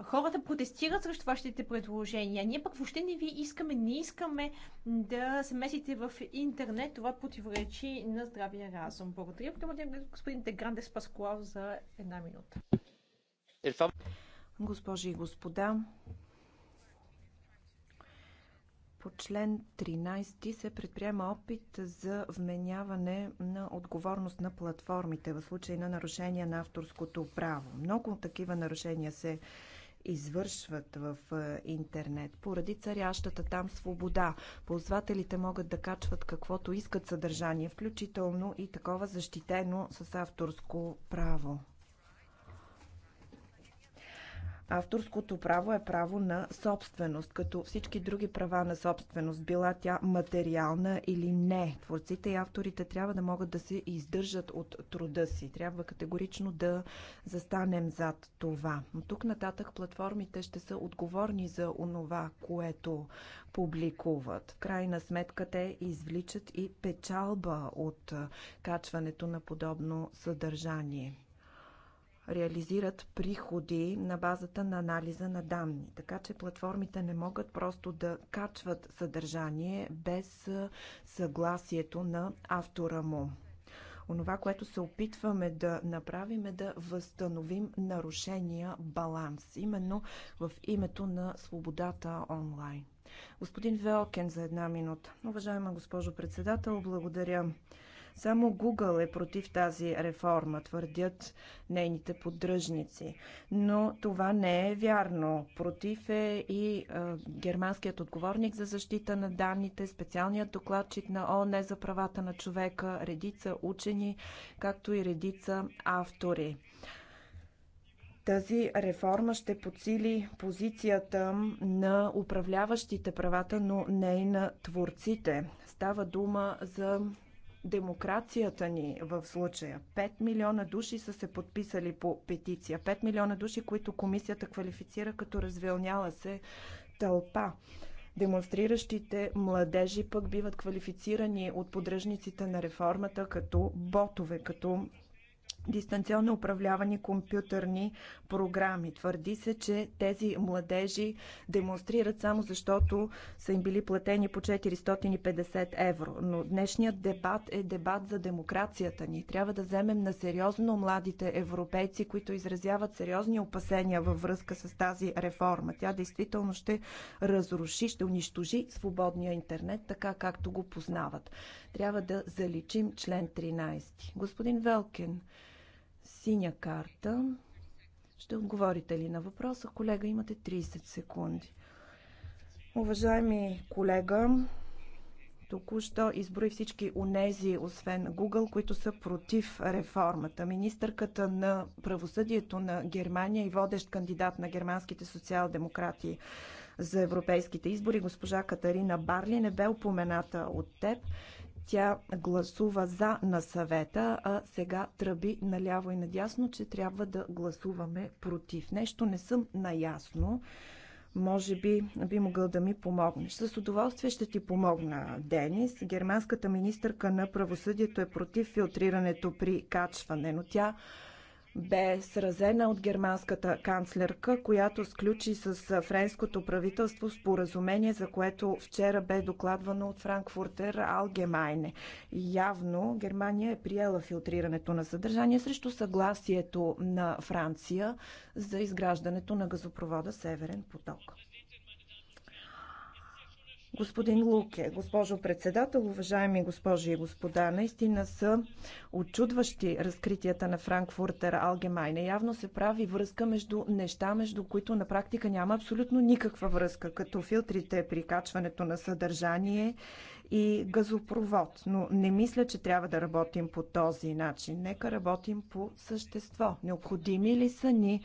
Хората протестират срещу вашите предложения. Ние пък въобще не ви искаме, не искаме да се месите в интернет. Това противоречи на здравия разум. Благодаря. Благодаря господин Дегранде Паскуал за една минута. Госпожи и господа, по член 13 се предприема опит за вменяване на отговорност на платформите в случай на нарушения на авторското право. Много такива нарушения се извършват в е, интернет поради царящата там свобода. Ползвателите могат да качват каквото искат съдържание, включително и такова защитено с авторско право. Авторското право е право на собственост, като всички други права на собственост, била тя материална или не. Творците и авторите трябва да могат да се издържат от труда си. Трябва категорично да застанем зад това. Но тук нататък платформите ще са отговорни за онова, което публикуват. В крайна сметка те извличат и печалба от качването на подобно съдържание реализират приходи на базата на анализа на данни. Така че платформите не могат просто да качват съдържание без съгласието на автора му. Онова, което се опитваме да направим е да възстановим нарушения баланс, именно в името на свободата онлайн. Господин Велкен за една минута. Уважаема госпожо председател, благодаря само Google е против тази реформа, твърдят нейните поддръжници. Но това не е вярно. Против е и е, германският отговорник за защита на данните, специалният докладчик на ООН за правата на човека, редица учени, както и редица автори. Тази реформа ще подсили позицията на управляващите правата, но не и на творците. Става дума за демокрацията ни в случая. 5 милиона души са се подписали по петиция. 5 милиона души, които комисията квалифицира като развилняла се тълпа. Демонстриращите младежи пък биват квалифицирани от подръжниците на реформата като ботове, като дистанционно управлявани компютърни програми. Твърди се, че тези младежи демонстрират само защото са им били платени по 450 евро. Но днешният дебат е дебат за демокрацията ни. Трябва да вземем на сериозно младите европейци, които изразяват сериозни опасения във връзка с тази реформа. Тя действително ще разруши, ще унищожи свободния интернет, така както го познават. Трябва да заличим член 13. Господин Велкин, синя карта. Ще отговорите ли на въпроса? Колега, имате 30 секунди. Уважаеми колега, току-що изброи всички унези, освен Google, които са против реформата. Министърката на правосъдието на Германия и водещ кандидат на германските социал-демократи за европейските избори, госпожа Катарина Барли, не бе упомената от теб. Тя гласува за на съвета, а сега тръби наляво и надясно, че трябва да гласуваме против. Нещо не съм наясно. Може би би могъл да ми помогнеш. С удоволствие ще ти помогна, Денис. Германската министърка на правосъдието е против филтрирането при качване, но тя бе сразена от германската канцлерка, която сключи с френското правителство споразумение, за което вчера бе докладвано от Франкфуртер Алгемайне. Явно Германия е приела филтрирането на съдържание срещу съгласието на Франция за изграждането на газопровода Северен поток. Господин Луке, госпожо председател, уважаеми госпожи и господа, наистина са очудващи разкритията на Франкфуртер Алгемайне. Явно се прави връзка между неща, между които на практика няма абсолютно никаква връзка, като филтрите при качването на съдържание и газопровод. Но не мисля, че трябва да работим по този начин. Нека работим по същество. Необходими ли са ни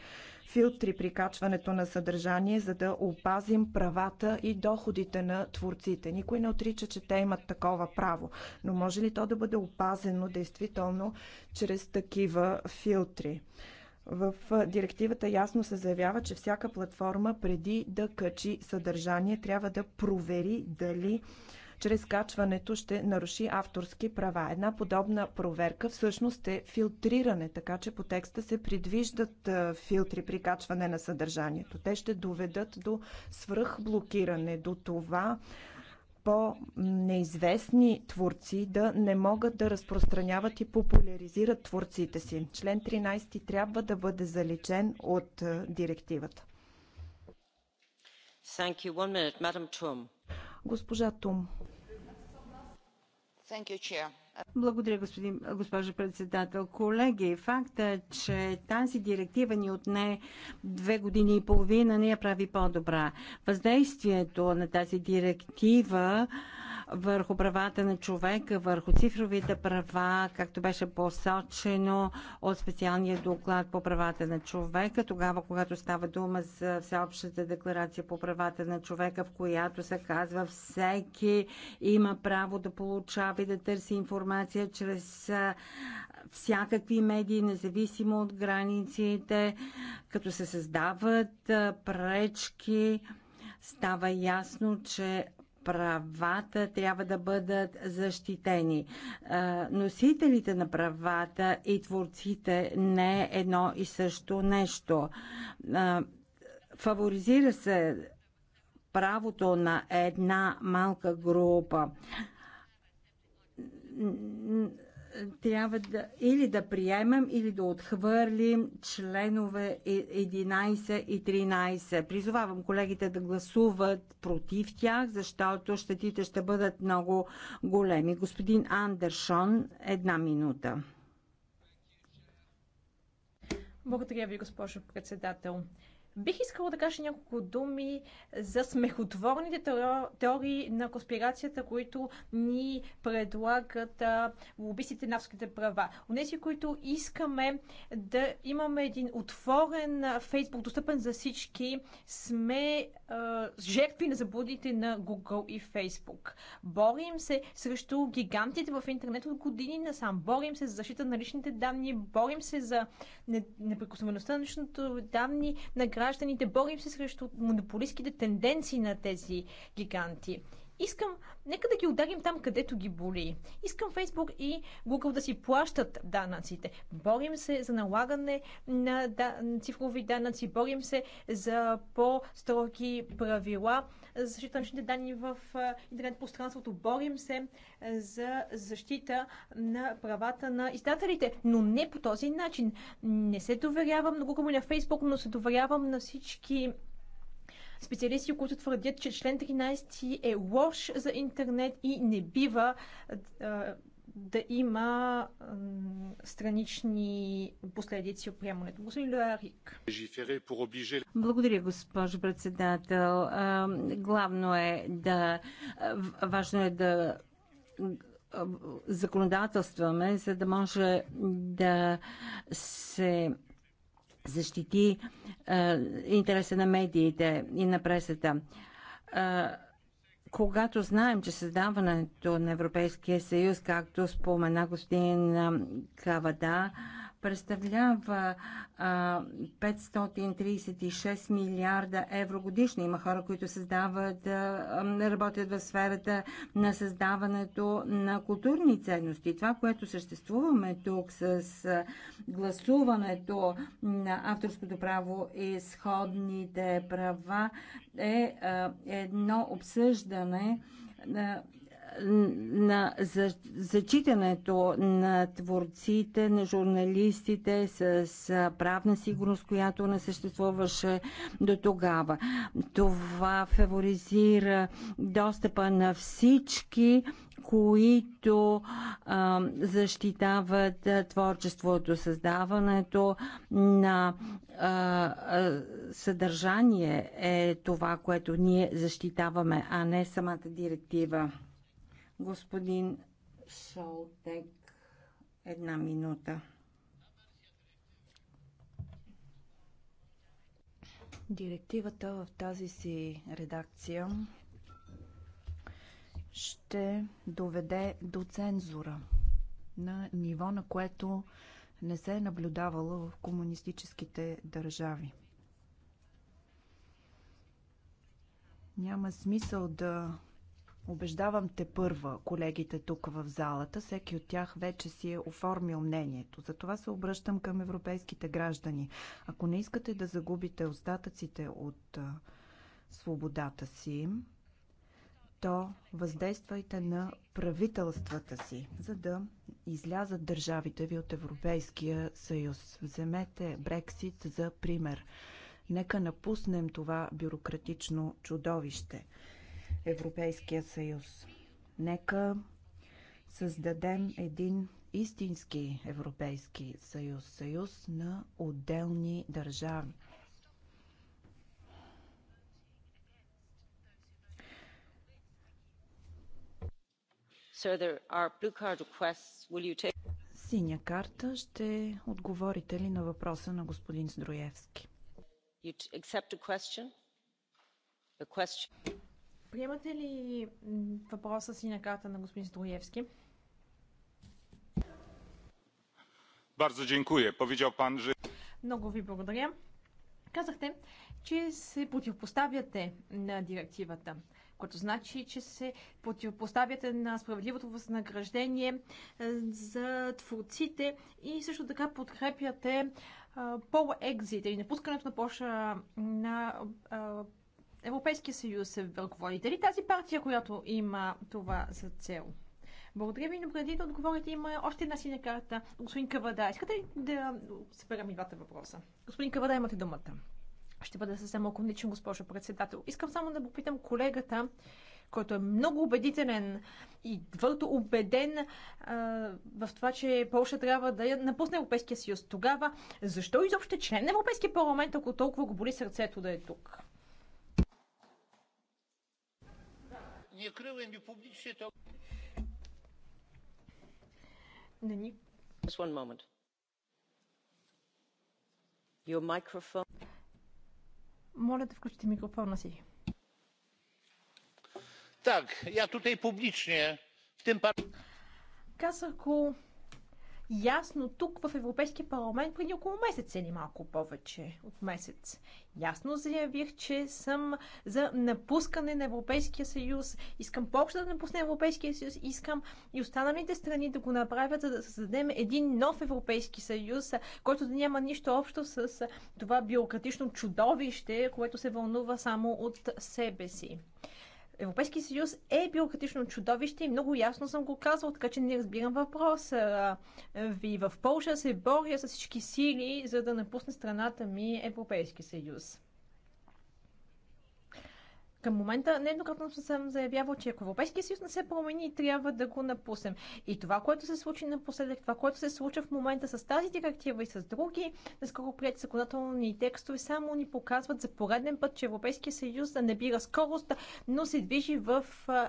филтри при качването на съдържание, за да опазим правата и доходите на творците. Никой не отрича, че те имат такова право, но може ли то да бъде опазено действително чрез такива филтри? В директивата ясно се заявява, че всяка платформа преди да качи съдържание трябва да провери дали чрез качването ще наруши авторски права. Една подобна проверка всъщност е филтриране, така че по текста се предвиждат филтри при качване на съдържанието. Те ще доведат до свръхблокиране, до това, по-неизвестни творци да не могат да разпространяват и популяризират творците си. Член 13 трябва да бъде заличен от директивата. Minute, Госпожа Тум. Благодаря, господин, госпожа председател. Колеги, факта, че тази директива ни отне две години и половина, не я прави по-добра. Въздействието на тази директива върху правата на човека, върху цифровите права, както беше посочено от специалния доклад по правата на човека, тогава когато става дума за всеобщата декларация по правата на човека, в която се казва всеки има право да получава и да търси информация чрез всякакви медии, независимо от границите, като се създават пречки, става ясно, че правата трябва да бъдат защитени. Носителите на правата и творците не е едно и също нещо. Фаворизира се правото на една малка група трябва да, или да приемем, или да отхвърлим членове 11 е, и 13. Призовавам колегите да гласуват против тях, защото щетите ще бъдат много големи. Господин Андершон, една минута. Благодаря ви, госпожо председател. Бих искала да кажа няколко думи за смехотворните теории на конспирацията, които ни предлагат лобистите на авторските права. Унеси, които искаме да имаме един отворен Фейсбук, достъпен за всички, сме е, жертви на заблудите на Google и Фейсбук. Борим се срещу гигантите в интернет от години насам. Борим се за защита на личните данни, борим се за неприкосновеността на личните данни на гражданите, борим се срещу монополистските тенденции на тези гиганти. Искам, нека да ги ударим там, където ги боли. Искам Фейсбук и Google да си плащат данъците. Борим се за налагане на цифрови данъци, борим се за по-строги правила за защита на личните данни в интернет пространството, борим се за защита на правата на издателите, но не по този начин. Не се доверявам на Google и на Фейсбук, но се доверявам на всички специалисти, които твърдят, че член 13 е лош за интернет и не бива да има странични последици от приемането Благодаря, госпожо председател. Главно е да... Важно е да законодателстваме, за да може да се защити е, интереса на медиите и на пресата. Е, когато знаем, че създаването на Европейския съюз, както спомена господин Кавада, е, представлява а, 536 милиарда евро годишно. Има хора, които създават, а, работят в сферата на създаването на културни ценности. Това, което съществуваме тук с гласуването на авторското право и сходните права, е а, едно обсъждане на на за, зачитането на творците, на журналистите с, с правна сигурност, която не съществуваше до тогава. Това фаворизира достъпа на всички, които а, защитават творчеството, създаването на а, а, съдържание е това, което ние защитаваме, а не самата директива. Господин Шолтек, една минута. Директивата в тази си редакция ще доведе до цензура на ниво, на което не се е наблюдавала в комунистическите държави. Няма смисъл да Обеждавам те първа колегите тук в залата. Всеки от тях вече си е оформил мнението. Затова се обръщам към европейските граждани. Ако не искате да загубите остатъците от а, свободата си, то въздействайте на правителствата си, за да излязат държавите ви от Европейския съюз. Вземете Брексит за пример. Нека напуснем това бюрократично чудовище. Европейския съюз. Нека създадем един истински Европейски съюз, съюз на отделни държави. Синя карта ще отговорите ли на въпроса на господин Здроевски? Приемате ли въпроса си на карта на господин Стоевски? Бързо dziękuję. Повидял пан że... Много ви благодаря. Казахте, че се противопоставяте на директивата, което значи, че се противопоставяте на справедливото възнаграждение е, за творците и също така подкрепяте по екзит и напускането на Польша на Европейския съюз се ръководите ли тази партия, която има това за цел? Благодаря ви, но преди да отговорите, има още една синя карта. Господин Кавада, искате ли да съберем и двата въпроса? Господин Кавада, имате думата. Ще бъда съвсем лаконичен, госпожо председател. Искам само да попитам колегата, който е много убедителен и твърдо убеден а, в това, че Польша трябва да я напусне Европейския съюз. Тогава, защо изобщо член на Европейския парламент, ако толкова го боли сърцето да е тук? Е е не кръвен и публичен, то... Just one moment. Your microphone... Моля да включите микрофона си. Tak, ja tutaj publicznie w tym Казах го ясно тук в Европейския парламент преди около месец или малко повече от месец. Ясно заявих, че съм за напускане на Европейския съюз. Искам Польша да напусне Европейския съюз. Искам и останалите страни да го направят, за да създадем един нов Европейски съюз, който да няма нищо общо с това бюрократично чудовище, което се вълнува само от себе си. Европейския съюз е бюрократично чудовище и много ясно съм го казал, така че не разбирам въпроса ви. В Польша се боря с всички сили, за да напусне страната ми Европейски съюз. Към момента нееднократно е съм заявявал, че ако Европейския съюз не се промени, трябва да го напуснем. И това, което се случи напоследък, това, което се случва в момента с тази директива и с други наскоро приятели законодателни текстове, само ни показват за пореден път, че Европейския съюз да набира скорост, но се движи в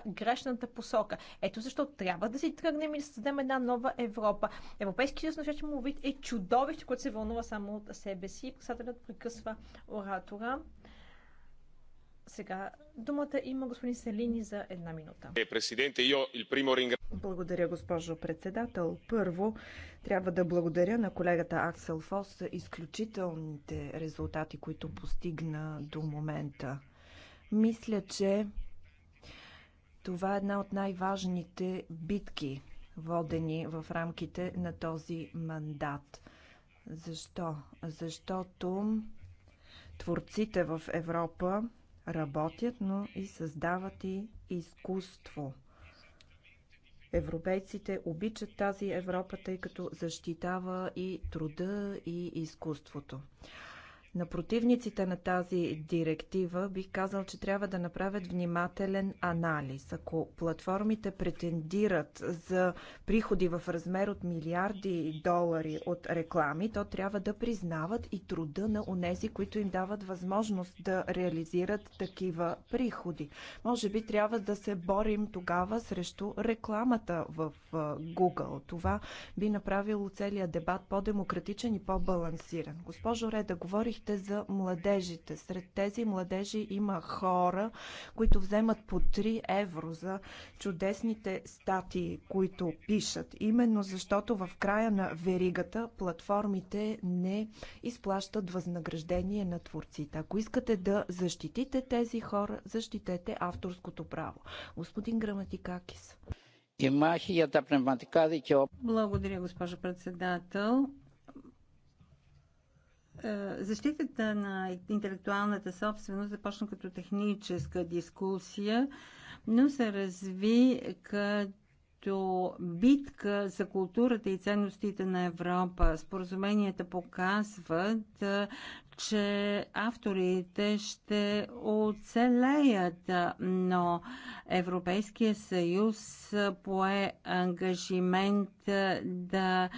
грешната посока. Ето защо трябва да си тръгнем и да създадем една нова Европа. Европейския съюз, на му вид, е чудовище, което се вълнува само от себе си. Председателят прекъсва оратора. Сега думата има господин Селини за една минута. Е, благодаря, госпожо председател. Първо, трябва да благодаря на колегата Аксел Фос за изключителните резултати, които постигна до момента. Мисля, че това е една от най-важните битки, водени в рамките на този мандат. Защо? Защото творците в Европа работят, но и създават и изкуство. Европейците обичат тази Европа, тъй като защитава и труда, и изкуството. На противниците на тази директива бих казал, че трябва да направят внимателен анализ. Ако платформите претендират за приходи в размер от милиарди долари от реклами, то трябва да признават и труда на онези, които им дават възможност да реализират такива приходи. Може би трябва да се борим тогава срещу рекламата в Google. Това би направило целият дебат по-демократичен и по-балансиран. Госпожо Реда, говорихте говорихте за младежите. Сред тези младежи има хора, които вземат по 3 евро за чудесните статии, които пишат. Именно защото в края на веригата платформите не изплащат възнаграждение на творците. Ако искате да защитите тези хора, защитете авторското право. Господин Граматикакис. Благодаря, госпожо председател. Е, защитата на интелектуалната собственост започна като техническа дискусия, но се разви като като битка за културата и ценностите на Европа. Споразуменията показват, че авторите ще оцелеят, но Европейския съюз пое ангажимент да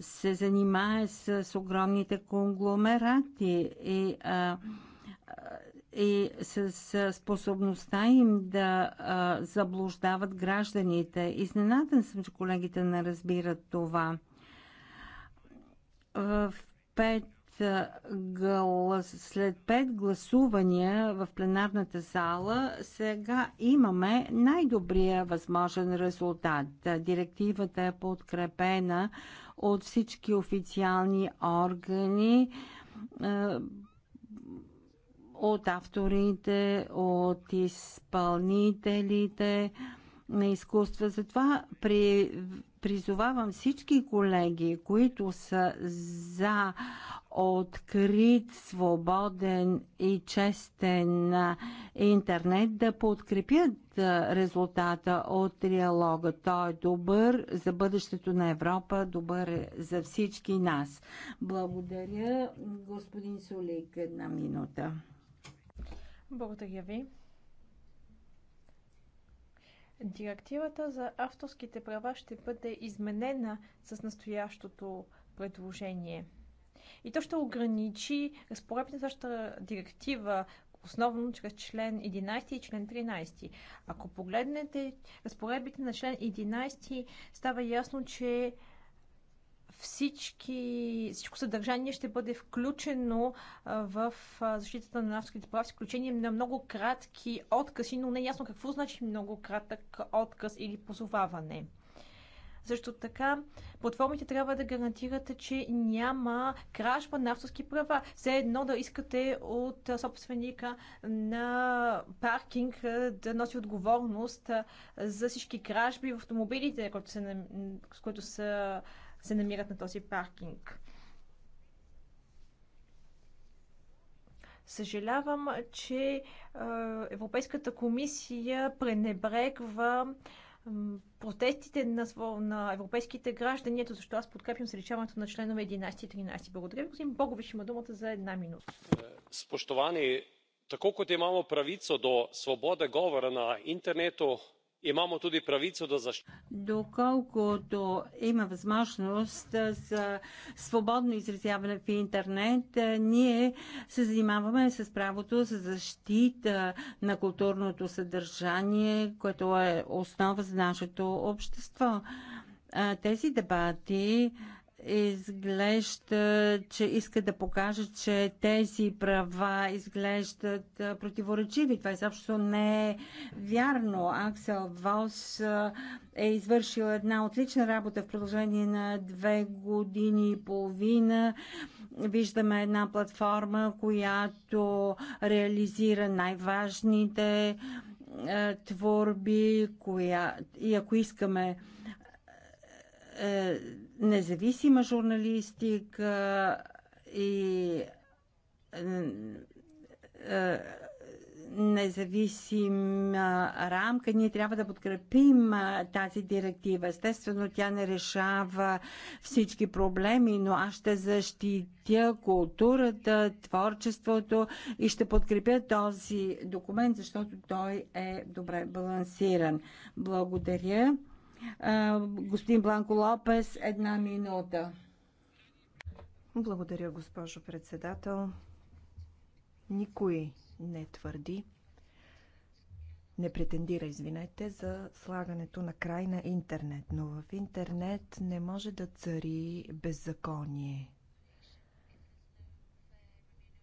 се занимае с огромните конгломерати и и с способността им да заблуждават гражданите. Изненадан съм, че колегите не разбират това. В пет след пет гласувания в пленарната зала сега имаме най-добрия възможен резултат. Директивата е подкрепена от всички официални органи от авторите, от изпълнителите на изкуства. Затова при, призовавам всички колеги, които са за открит, свободен и честен интернет да подкрепят резултата от триалога. Той е добър за бъдещето на Европа, добър е за всички нас. Благодаря, господин Солик, една минута. Благодаря ви. Директивата за авторските права ще бъде изменена с настоящото предложение. И то ще ограничи разпоредбите на същата директива, основно чрез член 11 и член 13. Ако погледнете разпоредбите на член 11, става ясно, че всички, всичко съдържание ще бъде включено в защитата на авторските права, с изключение на много кратки откази, но не е ясно какво значи много кратък отказ или позоваване. Също така, платформите трябва да гарантирате, че няма кражба на авторски права. Все едно да искате от собственика на паркинг да носи отговорност за всички кражби в автомобилите, които са, които са се намират на този паркинг. Съжалявам, че Европейската комисия пренебрегва протестите на, на европейските граждани. Ето защо аз подкрепям заличаването на членове 11 и 13. Благодаря ви, господин Богович. Има думата за една минута. Е, спощовани, tako kot imamo pravico do svobode govora na internetu имамо туди правицо да защитим. Доколкото има възможност за свободно изразяване в интернет, ние се занимаваме с правото за защита на културното съдържание, което е основа за нашето общество. Тези дебати изглежда, че иска да покаже, че тези права изглеждат противоречиви. Това изобщо не е вярно. Аксел Валс е извършил една отлична работа в продължение на две години и половина. Виждаме една платформа, която реализира най-важните творби, коя... и ако искаме е, независима журналистика и е, е, независима рамка, ние трябва да подкрепим тази директива. Естествено, тя не решава всички проблеми, но аз ще защитя културата, творчеството и ще подкрепя този документ, защото той е добре балансиран. Благодаря. Господин Бланко Лопес, една минута. Благодаря, госпожо председател. Никой не твърди, не претендира, извинете, за слагането на край на интернет, но в интернет не може да цари беззаконие.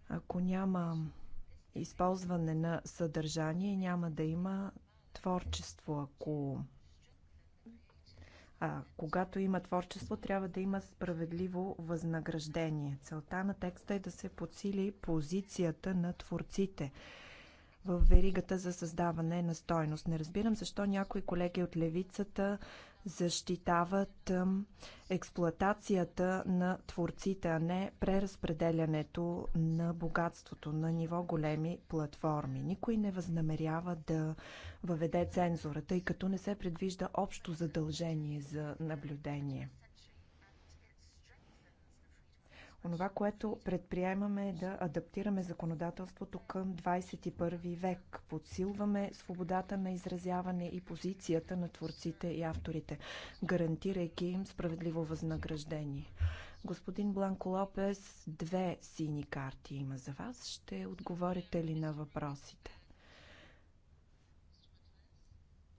Ако няма използване на съдържание, няма да има творчество. Ако а когато има творчество, трябва да има справедливо възнаграждение. Целта на текста е да се подсили позицията на творците в веригата за създаване на стойност. Не разбирам защо някои колеги от левицата защитават експлоатацията на творците, а не преразпределянето на богатството на ниво големи платформи. Никой не възнамерява да въведе цензурата, тъй като не се предвижда общо задължение за наблюдение. Онова, което предприемаме е да адаптираме законодателството към 21 век. Подсилваме свободата на изразяване и позицията на творците и авторите, гарантирайки им справедливо възнаграждение. Господин Бланко Лопес, две сини карти има за вас. Ще отговорите ли на въпросите?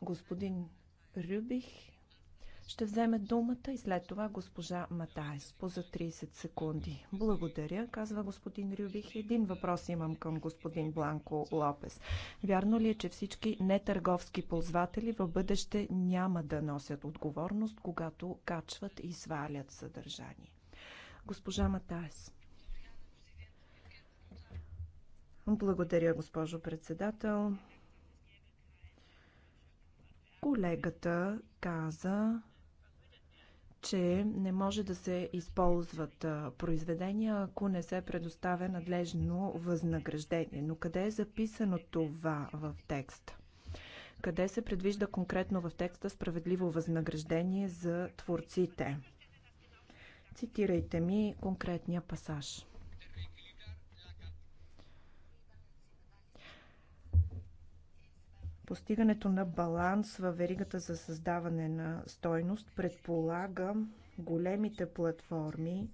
Господин Рюбих ще вземе думата и след това госпожа Матаес по за 30 секунди. Благодаря, казва господин Рюбих. Един въпрос имам към господин Бланко Лопес. Вярно ли е, че всички нетърговски ползватели в бъдеще няма да носят отговорност, когато качват и свалят съдържание? Госпожа Матаес. Благодаря, госпожо председател. Колегата каза, че не може да се използват произведения, ако не се предоставя надлежно възнаграждение. Но къде е записано това в текста? Къде се предвижда конкретно в текста справедливо възнаграждение за творците? Цитирайте ми конкретния пасаж. Постигането на баланс във веригата за създаване на стойност предполага големите платформи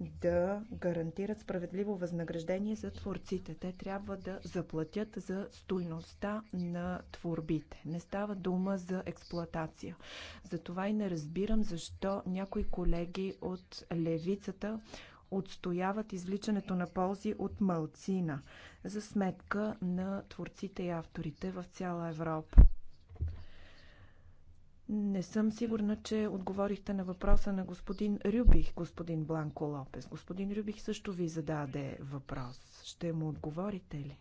да гарантират справедливо възнаграждение за творците. Те трябва да заплатят за стойността на творбите. Не става дума за експлоатация. Затова и не разбирам защо някои колеги от левицата отстояват извличането на ползи от мълцина за сметка на творците и авторите в цяла Европа. Не съм сигурна, че отговорихте на въпроса на господин Рюбих, господин Бланко Лопес. Господин Рюбих също ви зададе въпрос. Ще му отговорите ли?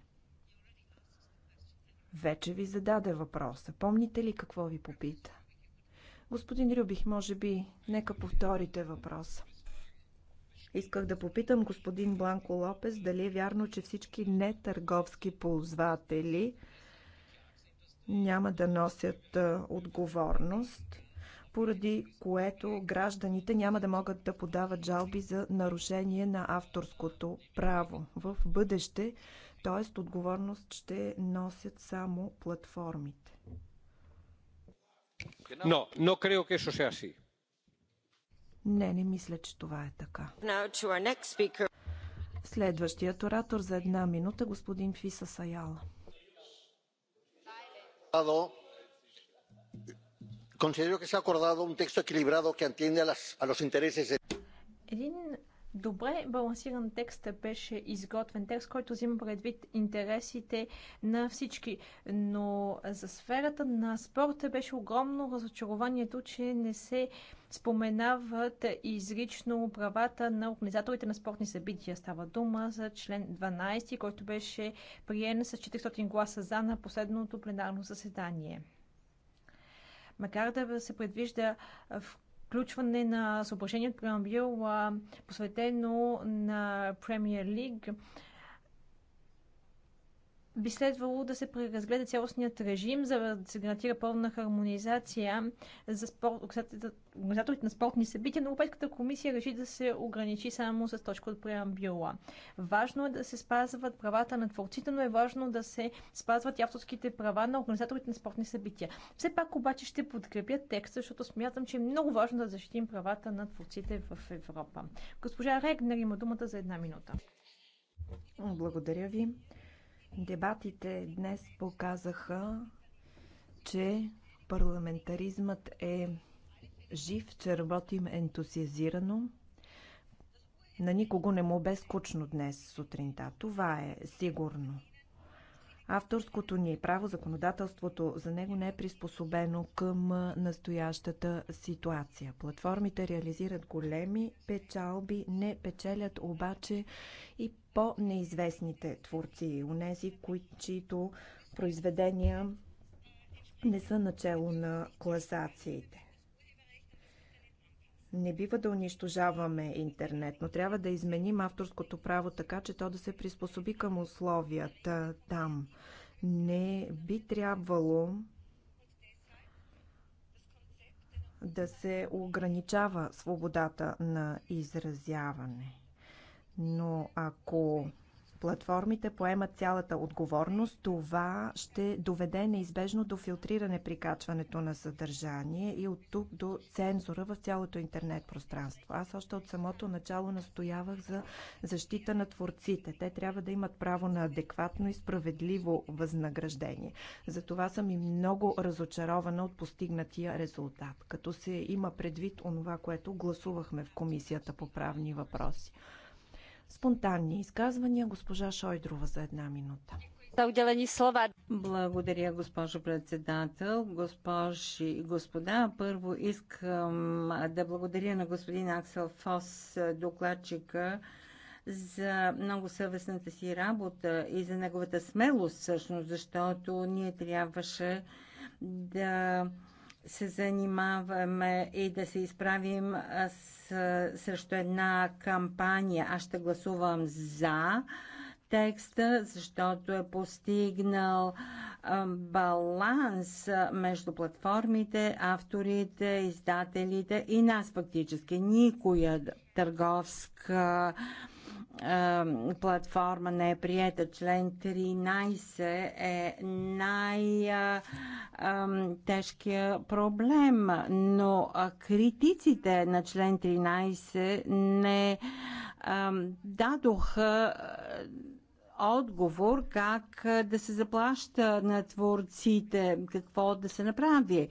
Вече ви зададе въпроса. Помните ли какво ви попита? Господин Рюбих, може би, нека повторите въпроса. Исках да попитам господин Бланко Лопес дали е вярно, че всички нетърговски ползватели няма да носят отговорност, поради което гражданите няма да могат да подават жалби за нарушение на авторското право в бъдеще, т.е. отговорност ще носят само платформите. No, no creo que eso sea así. Не, не мисля, че това е така. Следващият оратор за една минута, господин Фиса Саяла. Considero que se ha acordado un texto equilibrado que atiende a, las, a los intereses. Един добре балансиран текст беше изготвен. Текст, който взима предвид интересите на всички. Но за сферата на спорта беше огромно разочарованието, че не се споменават изрично правата на организаторите на спортни събития. Става дума за член 12, който беше приен с 400 гласа за на последното пленарно заседание. Макар да се предвижда в включване на съображение е било посветено на Премьер Лиг, би следвало да се преразгледа цялостният режим, за да се гарантира пълна хармонизация за спорт, организаторите на спортни събития, но Европейската комисия реши да се ограничи само с точка от преамбюла. Важно е да се спазват правата на творците, но е важно да се спазват и авторските права на организаторите на спортни събития. Все пак обаче ще подкрепя текста, защото смятам, че е много важно да защитим правата на творците в Европа. Госпожа Регнер има думата за една минута. Благодаря ви. Дебатите днес показаха, че парламентаризмът е жив, че работим ентусиазирано. На никого не му е бе скучно днес сутринта. Това е сигурно. Авторското ни право, законодателството за него не е приспособено към настоящата ситуация. Платформите реализират големи печалби, не печелят обаче и по-неизвестните творци, унези, кои, чието произведения не са начало на класациите. Не бива да унищожаваме интернет, но трябва да изменим авторското право така, че то да се приспособи към условията там. Не би трябвало да се ограничава свободата на изразяване. Но ако платформите поемат цялата отговорност, това ще доведе неизбежно до филтриране при качването на съдържание и от тук до цензура в цялото интернет пространство. Аз още от самото начало настоявах за защита на творците. Те трябва да имат право на адекватно и справедливо възнаграждение. Затова съм и много разочарована от постигнатия резултат, като се има предвид онова, което гласувахме в Комисията по правни въпроси. Спонтанни изказвания. Госпожа Шойдрова за една минута. отделени слова. Благодаря, госпожо председател. Госпожи и господа, първо искам да благодаря на господин Аксел Фос, докладчика, за много съвестната си работа и за неговата смелост, всъщност, защото ние трябваше да се занимаваме и да се изправим с, срещу една кампания. Аз ще гласувам за текста, защото е постигнал баланс между платформите, авторите, издателите и нас фактически. Никоя търговска платформа не е приета. Член 13 е най-тежкия проблем, но критиците на член 13 не дадоха отговор как да се заплаща на творците, какво да се направи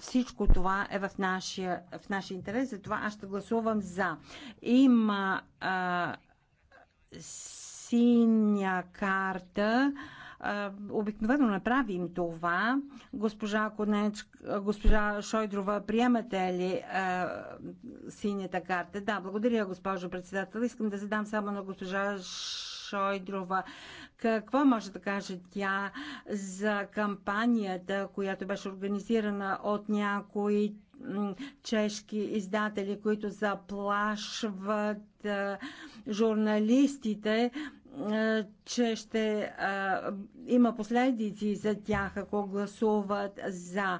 всичко това е в нашия, в нашия интерес, затова аз ще гласувам за. Има а, синя карта. Обикновено направим това. Госпожа, Конеч, госпожа Шойдрова, приемате ли а, синята карта? Да, благодаря, госпожо председател. Искам да задам само на госпожа Шойдрова какво може да каже тя за кампанията, която беше организирана от някои чешки издатели, които заплашват журналистите, че ще има последици за тях, ако гласуват за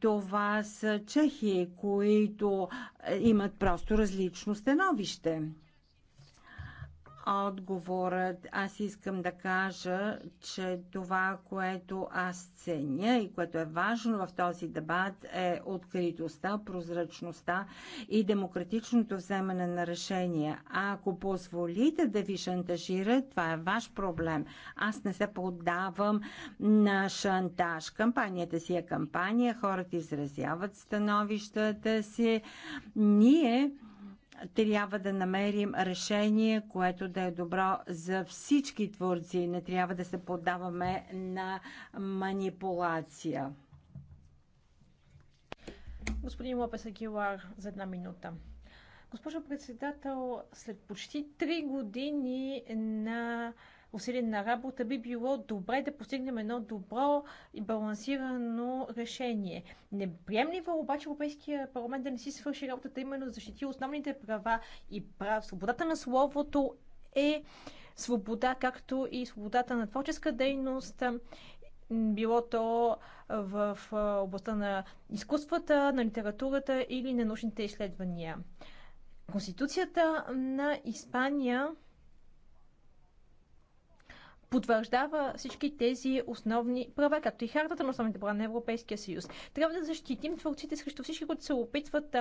това са чехи, които имат просто различно становище отговорът. Аз искам да кажа, че това, което аз ценя и което е важно в този дебат е откритостта, прозрачността и демократичното вземане на решения. А ако позволите да ви шантажират, това е ваш проблем. Аз не се поддавам на шантаж. Кампанията си е кампания, хората изразяват становищата си. Ние трябва да намерим решение, което да е добро за всички творци. Не трябва да се поддаваме на манипулация. Господин Лопес Агилар, за една минута. Госпожо председател, след почти три години на усилена работа, би било добре да постигнем едно добро и балансирано решение. Неприемливо обаче Европейския парламент да не си свърши работата, именно защити основните права и прав. Свободата на словото е свобода, както и свободата на творческа дейност, било то в областта на изкуствата, на литературата или на научните изследвания. Конституцията на Испания потвърждава всички тези основни права, както и хартата на основните права на Европейския съюз. Трябва да защитим творците срещу всички, които се опитват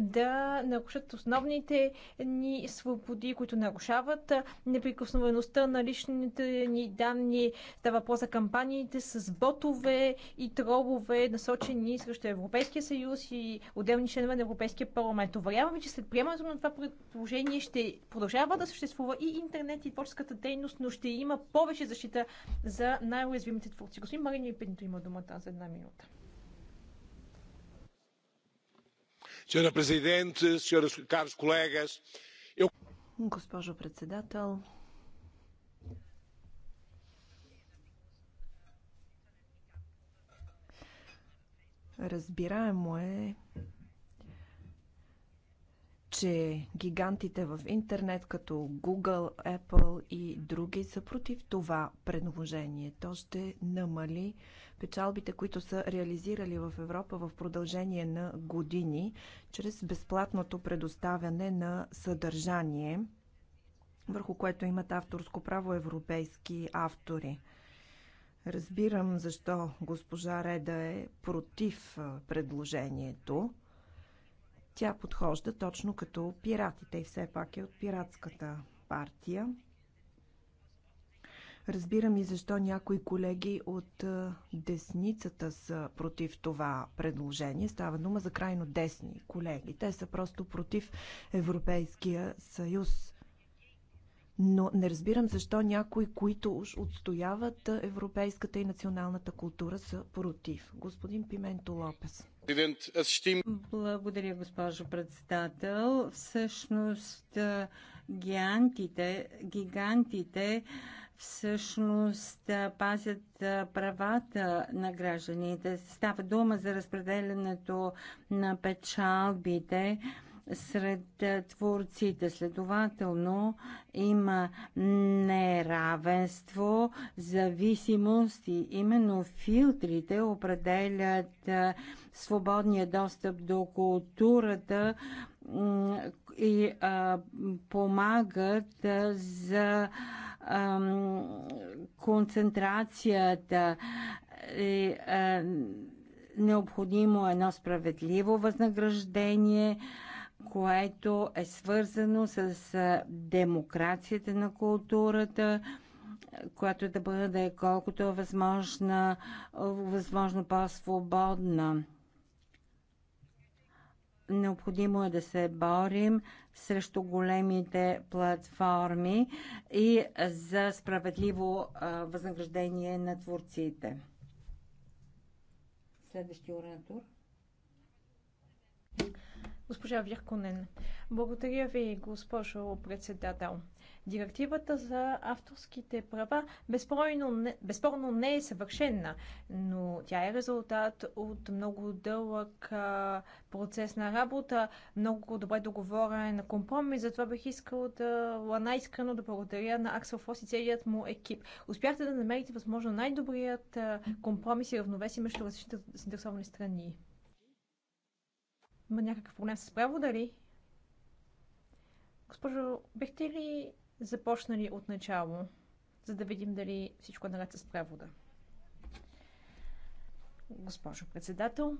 да нарушат основните ни свободи, които нарушават неприкосновеността на личните ни данни. Става въпрос за кампаниите с ботове и тролове, насочени срещу Европейския съюз и отделни членове на Европейския парламент. Уверяваме, че след приемането на това предложение ще продължава да съществува и интернет и творческата дейност, но ще има по повече защита за най-уязвимите творци. Господин Марин Пенто има думата за една минута. Senhora президент, senhoras, caros colegas, eu... Госпожо председател, разбираемо е, че гигантите в интернет, като Google, Apple и други, са против това предложение. То ще намали печалбите, които са реализирали в Европа в продължение на години, чрез безплатното предоставяне на съдържание, върху което имат авторско право европейски автори. Разбирам защо госпожа Реда е против предложението тя подхожда точно като пиратите и все пак е от пиратската партия. Разбирам и защо някои колеги от десницата са против това предложение. Става дума за крайно десни колеги. Те са просто против Европейския съюз но не разбирам защо някои, които уж отстояват европейската и националната култура, са против. Господин Пименто Лопес. Благодаря, госпожо председател. Всъщност, гигантите, гигантите всъщност пазят правата на гражданите. Става дума за разпределянето на печалбите сред творците. Следователно има неравенство, зависимост и именно филтрите определят свободния достъп до културата и а, помагат а, за а, концентрацията. И, а, необходимо е едно справедливо възнаграждение. А, което е свързано с демокрацията на културата, която да бъде колкото е възможно, възможно по-свободна. Необходимо е да се борим срещу големите платформи и за справедливо възнаграждение на творците. Следващия оратор. Госпожа Вирконен. Благодаря ви, госпожо председател. Директивата за авторските права безспорно не, безспорно не е съвършена, но тя е резултат от много дълъг а, процес на работа, много добре договорен компромис. Затова бих искал да най-искрено да благодаря на Аксел Фос и целият му екип. Успяхте да намерите възможно най-добрият компромис и равновесие между различните заинтересовани страни. Има някакъв проблем с право, дали? Госпожо, бихте ли започнали от начало, за да видим дали всичко е наред с превода? Госпожо председател,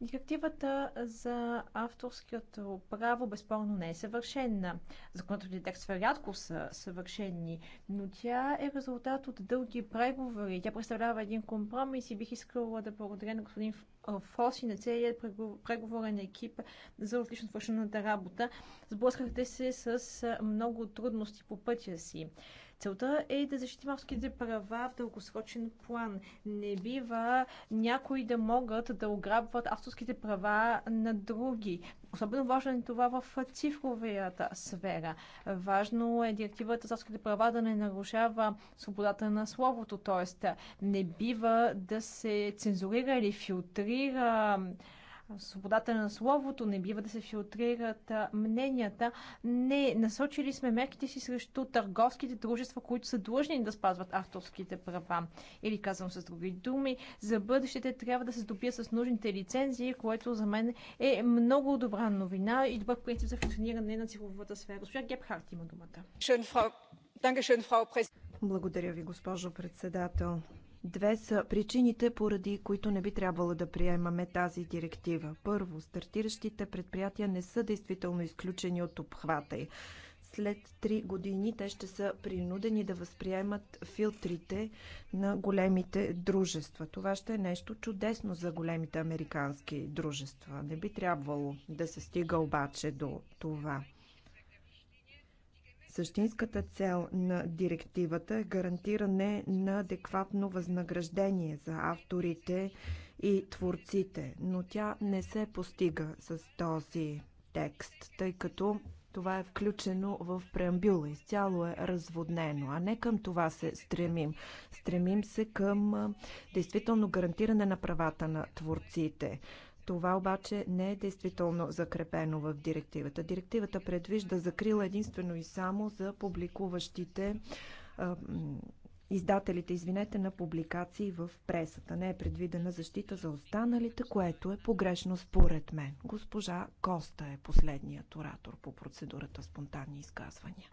Директивата за авторското право безспорно не е съвършена. Законодателните текстове рядко са съвършени, но тя е резултат от дълги преговори. Тя представлява един компромис и бих искала да благодаря на господин Фос и на целият преговорен екип за отлично свършената работа. Сблъскахте се с много трудности по пътя си. Целта е да защитим авторските права в дългосрочен план. Не бива някои да могат да ограбват авторските права на други. Особено важно е това в цифровията сфера. Важно е директивата за авторските права да не нарушава свободата на словото, т.е. не бива да се цензурира или филтрира свободата на словото, не бива да се филтрират мненията. Не, насочили сме мерките си срещу търговските дружества, които са длъжни да спазват авторските права. Или казвам с други думи, за бъдещите трябва да се здобия с нужните лицензии, което за мен е много добра новина и добър принцип за функциониране на цифровата сфера. Госпожа Гепхарт има думата. Благодаря ви, госпожо председател. Две са причините, поради които не би трябвало да приемаме тази директива. Първо, стартиращите предприятия не са действително изключени от обхвата й. След три години те ще са принудени да възприемат филтрите на големите дружества. Това ще е нещо чудесно за големите американски дружества. Не би трябвало да се стига обаче до това. Същинската цел на директивата е гарантиране на адекватно възнаграждение за авторите и творците, но тя не се постига с този текст, тъй като това е включено в преамбюла. Изцяло е разводнено, а не към това се стремим. Стремим се към действително гарантиране на правата на творците. Това обаче не е действително закрепено в директивата. Директивата предвижда закрила единствено и само за публикуващите издателите, извинете, на публикации в пресата. Не е предвидена защита за останалите, което е погрешно според мен. Госпожа Коста е последният оратор по процедурата спонтанни изказвания.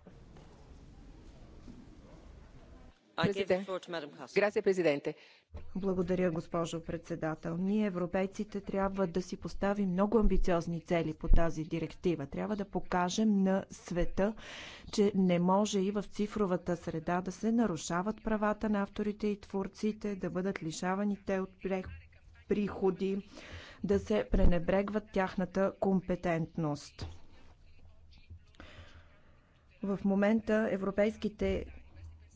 Благодаря, госпожо председател. Ние, европейците, трябва да си поставим много амбициозни цели по тази директива. Трябва да покажем на света, че не може и в цифровата среда да се нарушават правата на авторите и творците, да бъдат лишавани те от приходи, да се пренебрегват тяхната компетентност. В момента европейските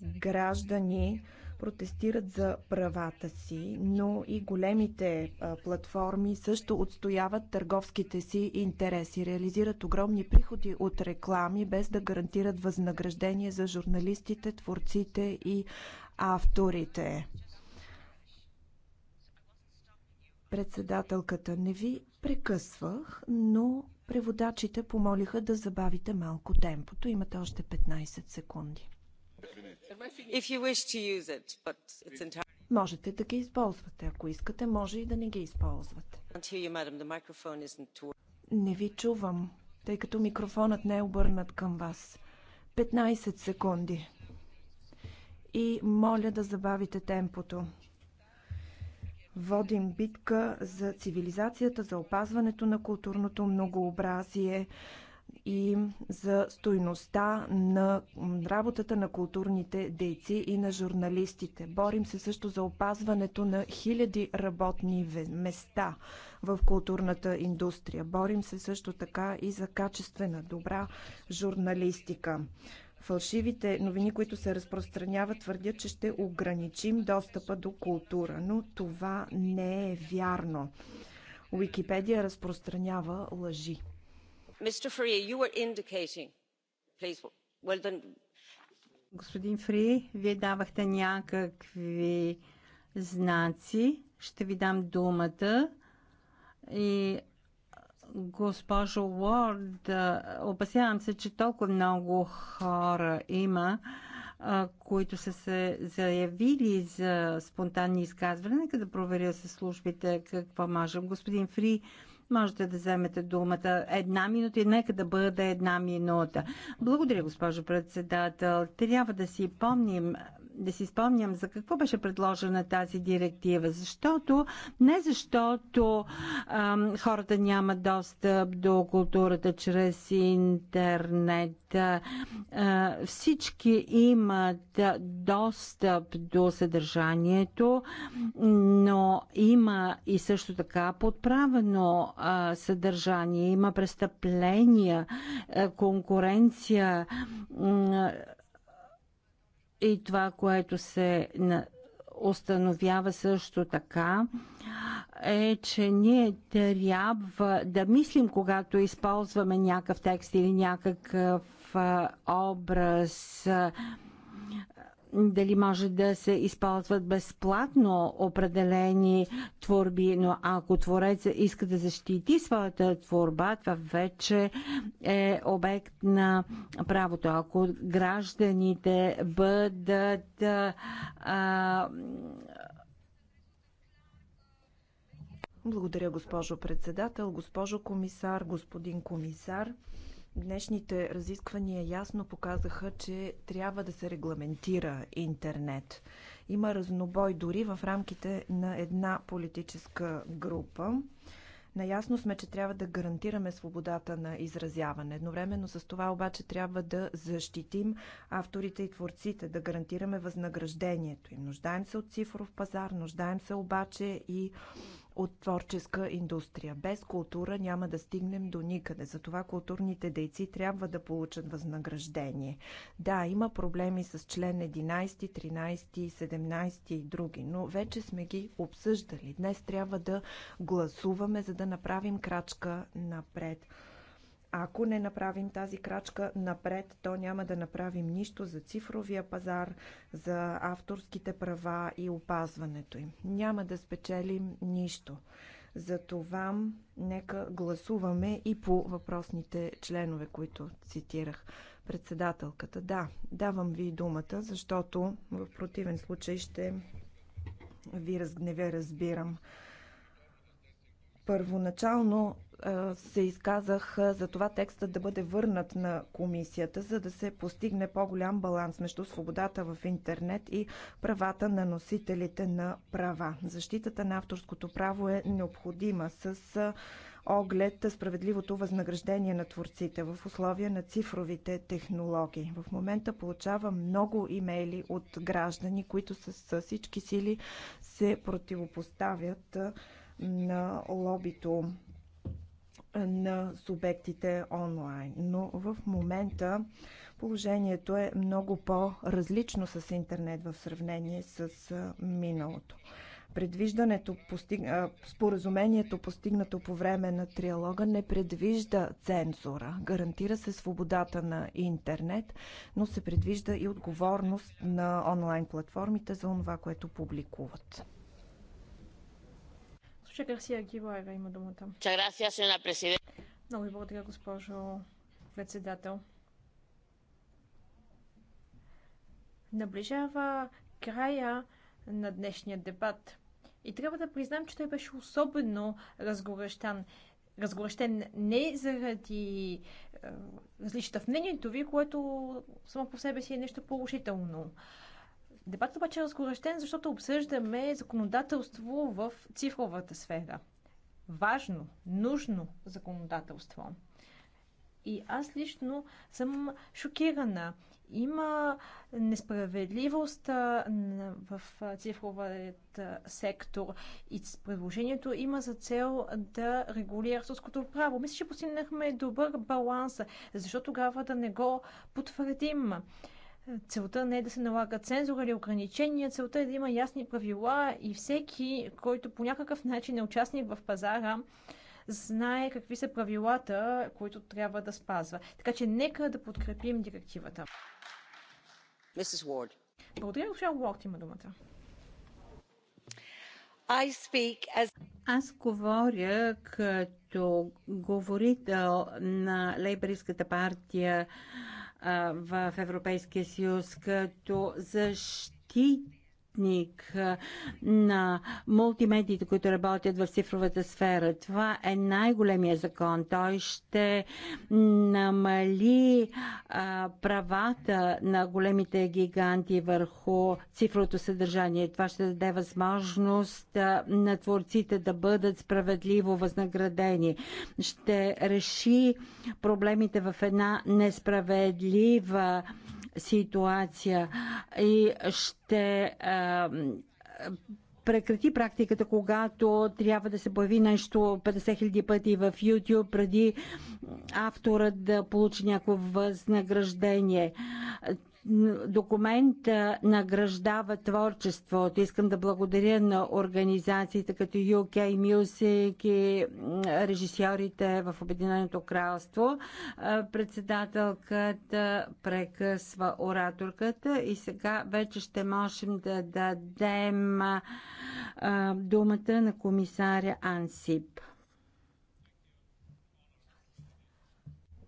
граждани протестират за правата си, но и големите платформи също отстояват търговските си интереси, реализират огромни приходи от реклами, без да гарантират възнаграждение за журналистите, творците и авторите. Председателката не ви прекъсвах, но преводачите помолиха да забавите малко темпото. Имате още 15 секунди. Можете да ги използвате. Ако искате, може и да не ги използвате. Не ви чувам, тъй като микрофонът не е обърнат към вас. 15 секунди. И моля да забавите темпото. Водим битка за цивилизацията, за опазването на културното многообразие, и за стойността на работата на културните дейци и на журналистите. Борим се също за опазването на хиляди работни места в културната индустрия. Борим се също така и за качествена, добра журналистика. Фалшивите новини, които се разпространяват, твърдят, че ще ограничим достъпа до култура, но това не е вярно. Уикипедия разпространява лъжи. Господин Фри, вие давахте някакви знаци. Ще ви дам думата. И госпожо Уорд, опасявам се, че толкова много хора има, които са се заявили за спонтанни изказвания. Нека да проверя със службите какво можем. Господин Фри, Можете да вземете думата една минута и нека да бъде една минута. Благодаря, госпожо председател. Трябва да си помним да си спомням за какво беше предложена тази директива. Защото, не защото ам, хората нямат достъп до културата чрез интернет. А, всички имат достъп до съдържанието, но има и също така подправено а, съдържание, има престъпления, а, конкуренция. А, и това, което се установява също така, е, че ние трябва да мислим, когато използваме някакъв текст или някакъв образ, дали може да се използват безплатно определени творби, но ако творец иска да защити своята творба, това вече е обект на правото. Ако гражданите бъдат а, благодаря, госпожо председател, госпожо комисар, господин комисар. Днешните разисквания ясно показаха, че трябва да се регламентира интернет. Има разнобой дори в рамките на една политическа група. Наясно сме, че трябва да гарантираме свободата на изразяване. Едновременно с това обаче трябва да защитим авторите и творците, да гарантираме възнаграждението им. Нуждаем се от цифров пазар, нуждаем се обаче и от творческа индустрия. Без култура няма да стигнем до никъде. Затова културните дейци трябва да получат възнаграждение. Да, има проблеми с член 11, 13, 17 и други, но вече сме ги обсъждали. Днес трябва да гласуваме, за да направим крачка напред. Ако не направим тази крачка напред, то няма да направим нищо за цифровия пазар, за авторските права и опазването им. Няма да спечелим нищо. Затова нека гласуваме и по въпросните членове, които цитирах председателката. Да, давам ви думата, защото в противен случай ще ви разгневя, разбирам. Първоначално се изказах за това текста да бъде върнат на комисията, за да се постигне по-голям баланс между свободата в интернет и правата на носителите на права. Защитата на авторското право е необходима с оглед справедливото възнаграждение на творците в условия на цифровите технологии. В момента получавам много имейли от граждани, които с всички сили се противопоставят на лобито на субектите онлайн. Но в момента положението е много по-различно с интернет в сравнение с миналото. Предвиждането, постиг... споразумението, постигнато по време на триалога, не предвижда цензура. Гарантира се свободата на интернет, но се предвижда и отговорност на онлайн платформите за това, което публикуват. Госпожа Гарсия Гилоева има думата. Много ви благодаря, госпожо председател. Наближава края на днешния дебат. И трябва да признам, че той беше особено разгорещан. Разгорещен не заради е, различията в мнението ви, което само по себе си е нещо положително. Дебатът обаче е разгорещен, защото обсъждаме законодателство в цифровата сфера. Важно, нужно законодателство. И аз лично съм шокирана. Има несправедливост в цифровата сектор и предложението има за цел да регулира авторското право. Мисля, че постигнахме добър баланс. защото тогава да не го потвърдим? Целта не е да се налага цензура или ограничения, целта е да има ясни правила и всеки, който по някакъв начин е участник в пазара, знае какви са правилата, които трябва да спазва. Така че нека да подкрепим директивата. Благодаря, госпожа Уорд има думата. As... Аз говоря като говорител на Лейбористската партия в Европейския съюз като защита защитник на мултимедиите, които работят в цифровата сфера. Това е най-големия закон. Той ще намали а, правата на големите гиганти върху цифровото съдържание. Това ще даде възможност а, на творците да бъдат справедливо възнаградени. Ще реши проблемите в една несправедлива ситуация и ще прекрати практиката, когато трябва да се появи нещо 50 000 пъти в YouTube преди автора да получи някакво възнаграждение документ награждава творчеството. Искам да благодаря на организациите като UK Music и режисьорите в Обединеното кралство. Председателката прекъсва ораторката и сега вече ще можем да дадем думата на комисаря Ансип.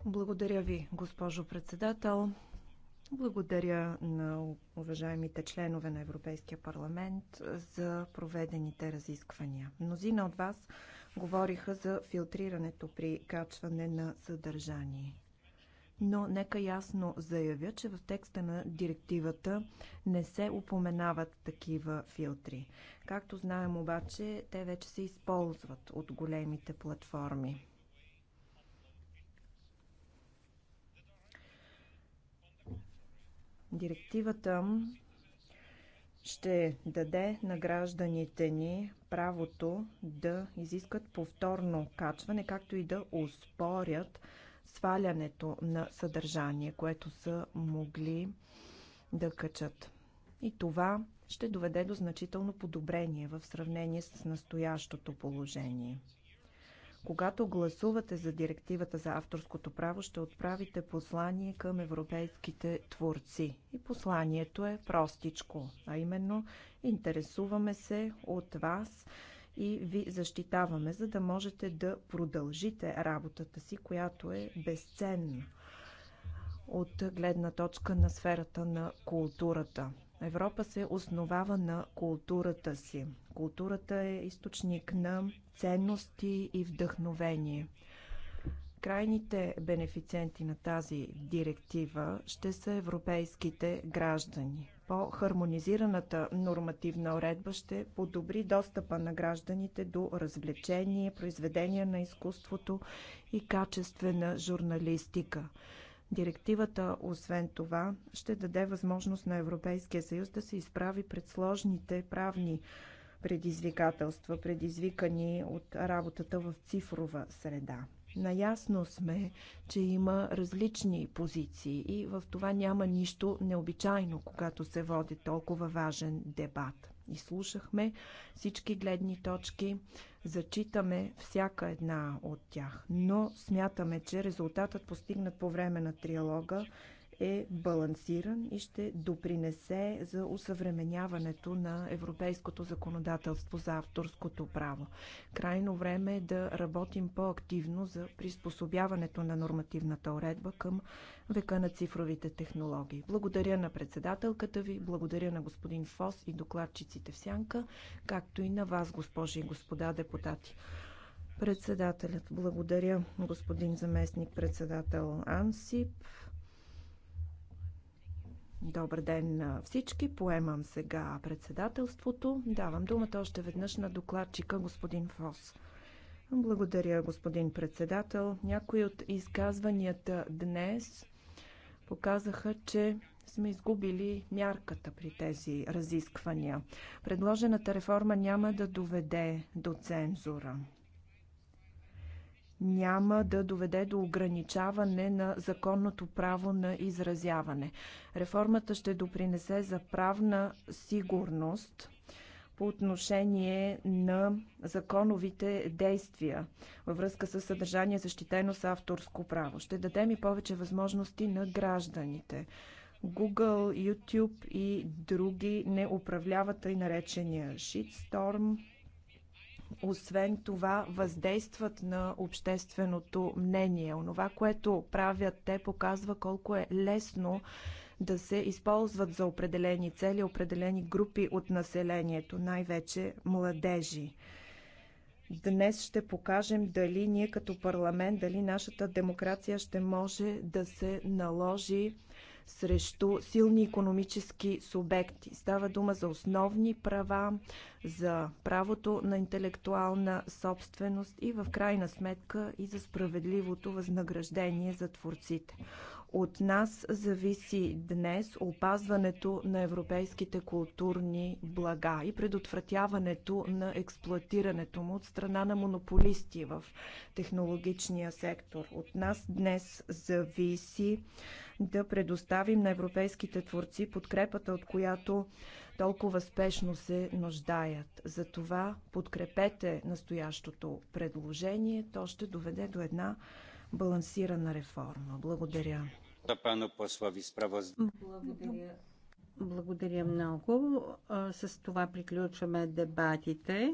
Благодаря ви, госпожо председател. Благодаря на уважаемите членове на Европейския парламент за проведените разисквания. Мнозина от вас говориха за филтрирането при качване на съдържание. Но нека ясно заявя, че в текста на директивата не се упоменават такива филтри. Както знаем обаче, те вече се използват от големите платформи. Директивата ще даде на гражданите ни правото да изискат повторно качване, както и да успорят свалянето на съдържание, което са могли да качат. И това ще доведе до значително подобрение в сравнение с настоящото положение. Когато гласувате за директивата за авторското право, ще отправите послание към европейските творци. И посланието е простичко, а именно интересуваме се от вас и ви защитаваме, за да можете да продължите работата си, която е безценна от гледна точка на сферата на културата. Европа се основава на културата си. Културата е източник на ценности и вдъхновение. Крайните бенефициенти на тази директива ще са европейските граждани. По-хармонизираната нормативна уредба ще подобри достъпа на гражданите до развлечение, произведения на изкуството и качествена журналистика. Директивата, освен това, ще даде възможност на Европейския съюз да се изправи пред сложните правни предизвикателства, предизвикани от работата в цифрова среда. Наясно сме, че има различни позиции и в това няма нищо необичайно, когато се води толкова важен дебат. Изслушахме всички гледни точки, Зачитаме всяка една от тях, но смятаме, че резултатът постигнат по време на триалога е балансиран и ще допринесе за усъвременяването на европейското законодателство за авторското право. Крайно време е да работим по-активно за приспособяването на нормативната уредба към века на цифровите технологии. Благодаря на председателката ви, благодаря на господин Фос и докладчиците в Сянка, както и на вас, госпожи и господа депутати. Председателят, благодаря господин заместник председател Ансип. Добър ден на всички. Поемам сега председателството. Давам думата още веднъж на докладчика господин Фос. Благодаря, господин председател. Някои от изказванията днес показаха, че сме изгубили мярката при тези разисквания. Предложената реформа няма да доведе до цензура няма да доведе до ограничаване на законното право на изразяване. Реформата ще допринесе за правна сигурност по отношение на законовите действия във връзка с съдържание защитено с авторско право. Ще дадем и повече възможности на гражданите. Google, YouTube и други не управляват и наречения shitstorm, освен това въздействат на общественото мнение. Онова, което правят те, показва колко е лесно да се използват за определени цели, определени групи от населението, най-вече младежи. Днес ще покажем дали ние като парламент, дали нашата демокрация ще може да се наложи срещу силни економически субекти. Става дума за основни права, за правото на интелектуална собственост и в крайна сметка и за справедливото възнаграждение за творците. От нас зависи днес опазването на европейските културни блага и предотвратяването на експлоатирането му от страна на монополисти в технологичния сектор. От нас днес зависи да предоставим на европейските творци подкрепата, от която толкова спешно се нуждаят. Затова подкрепете настоящото предложение. То ще доведе до една балансирана реформа. Благодаря. Благодаря. Благодаря много. С това приключваме дебатите.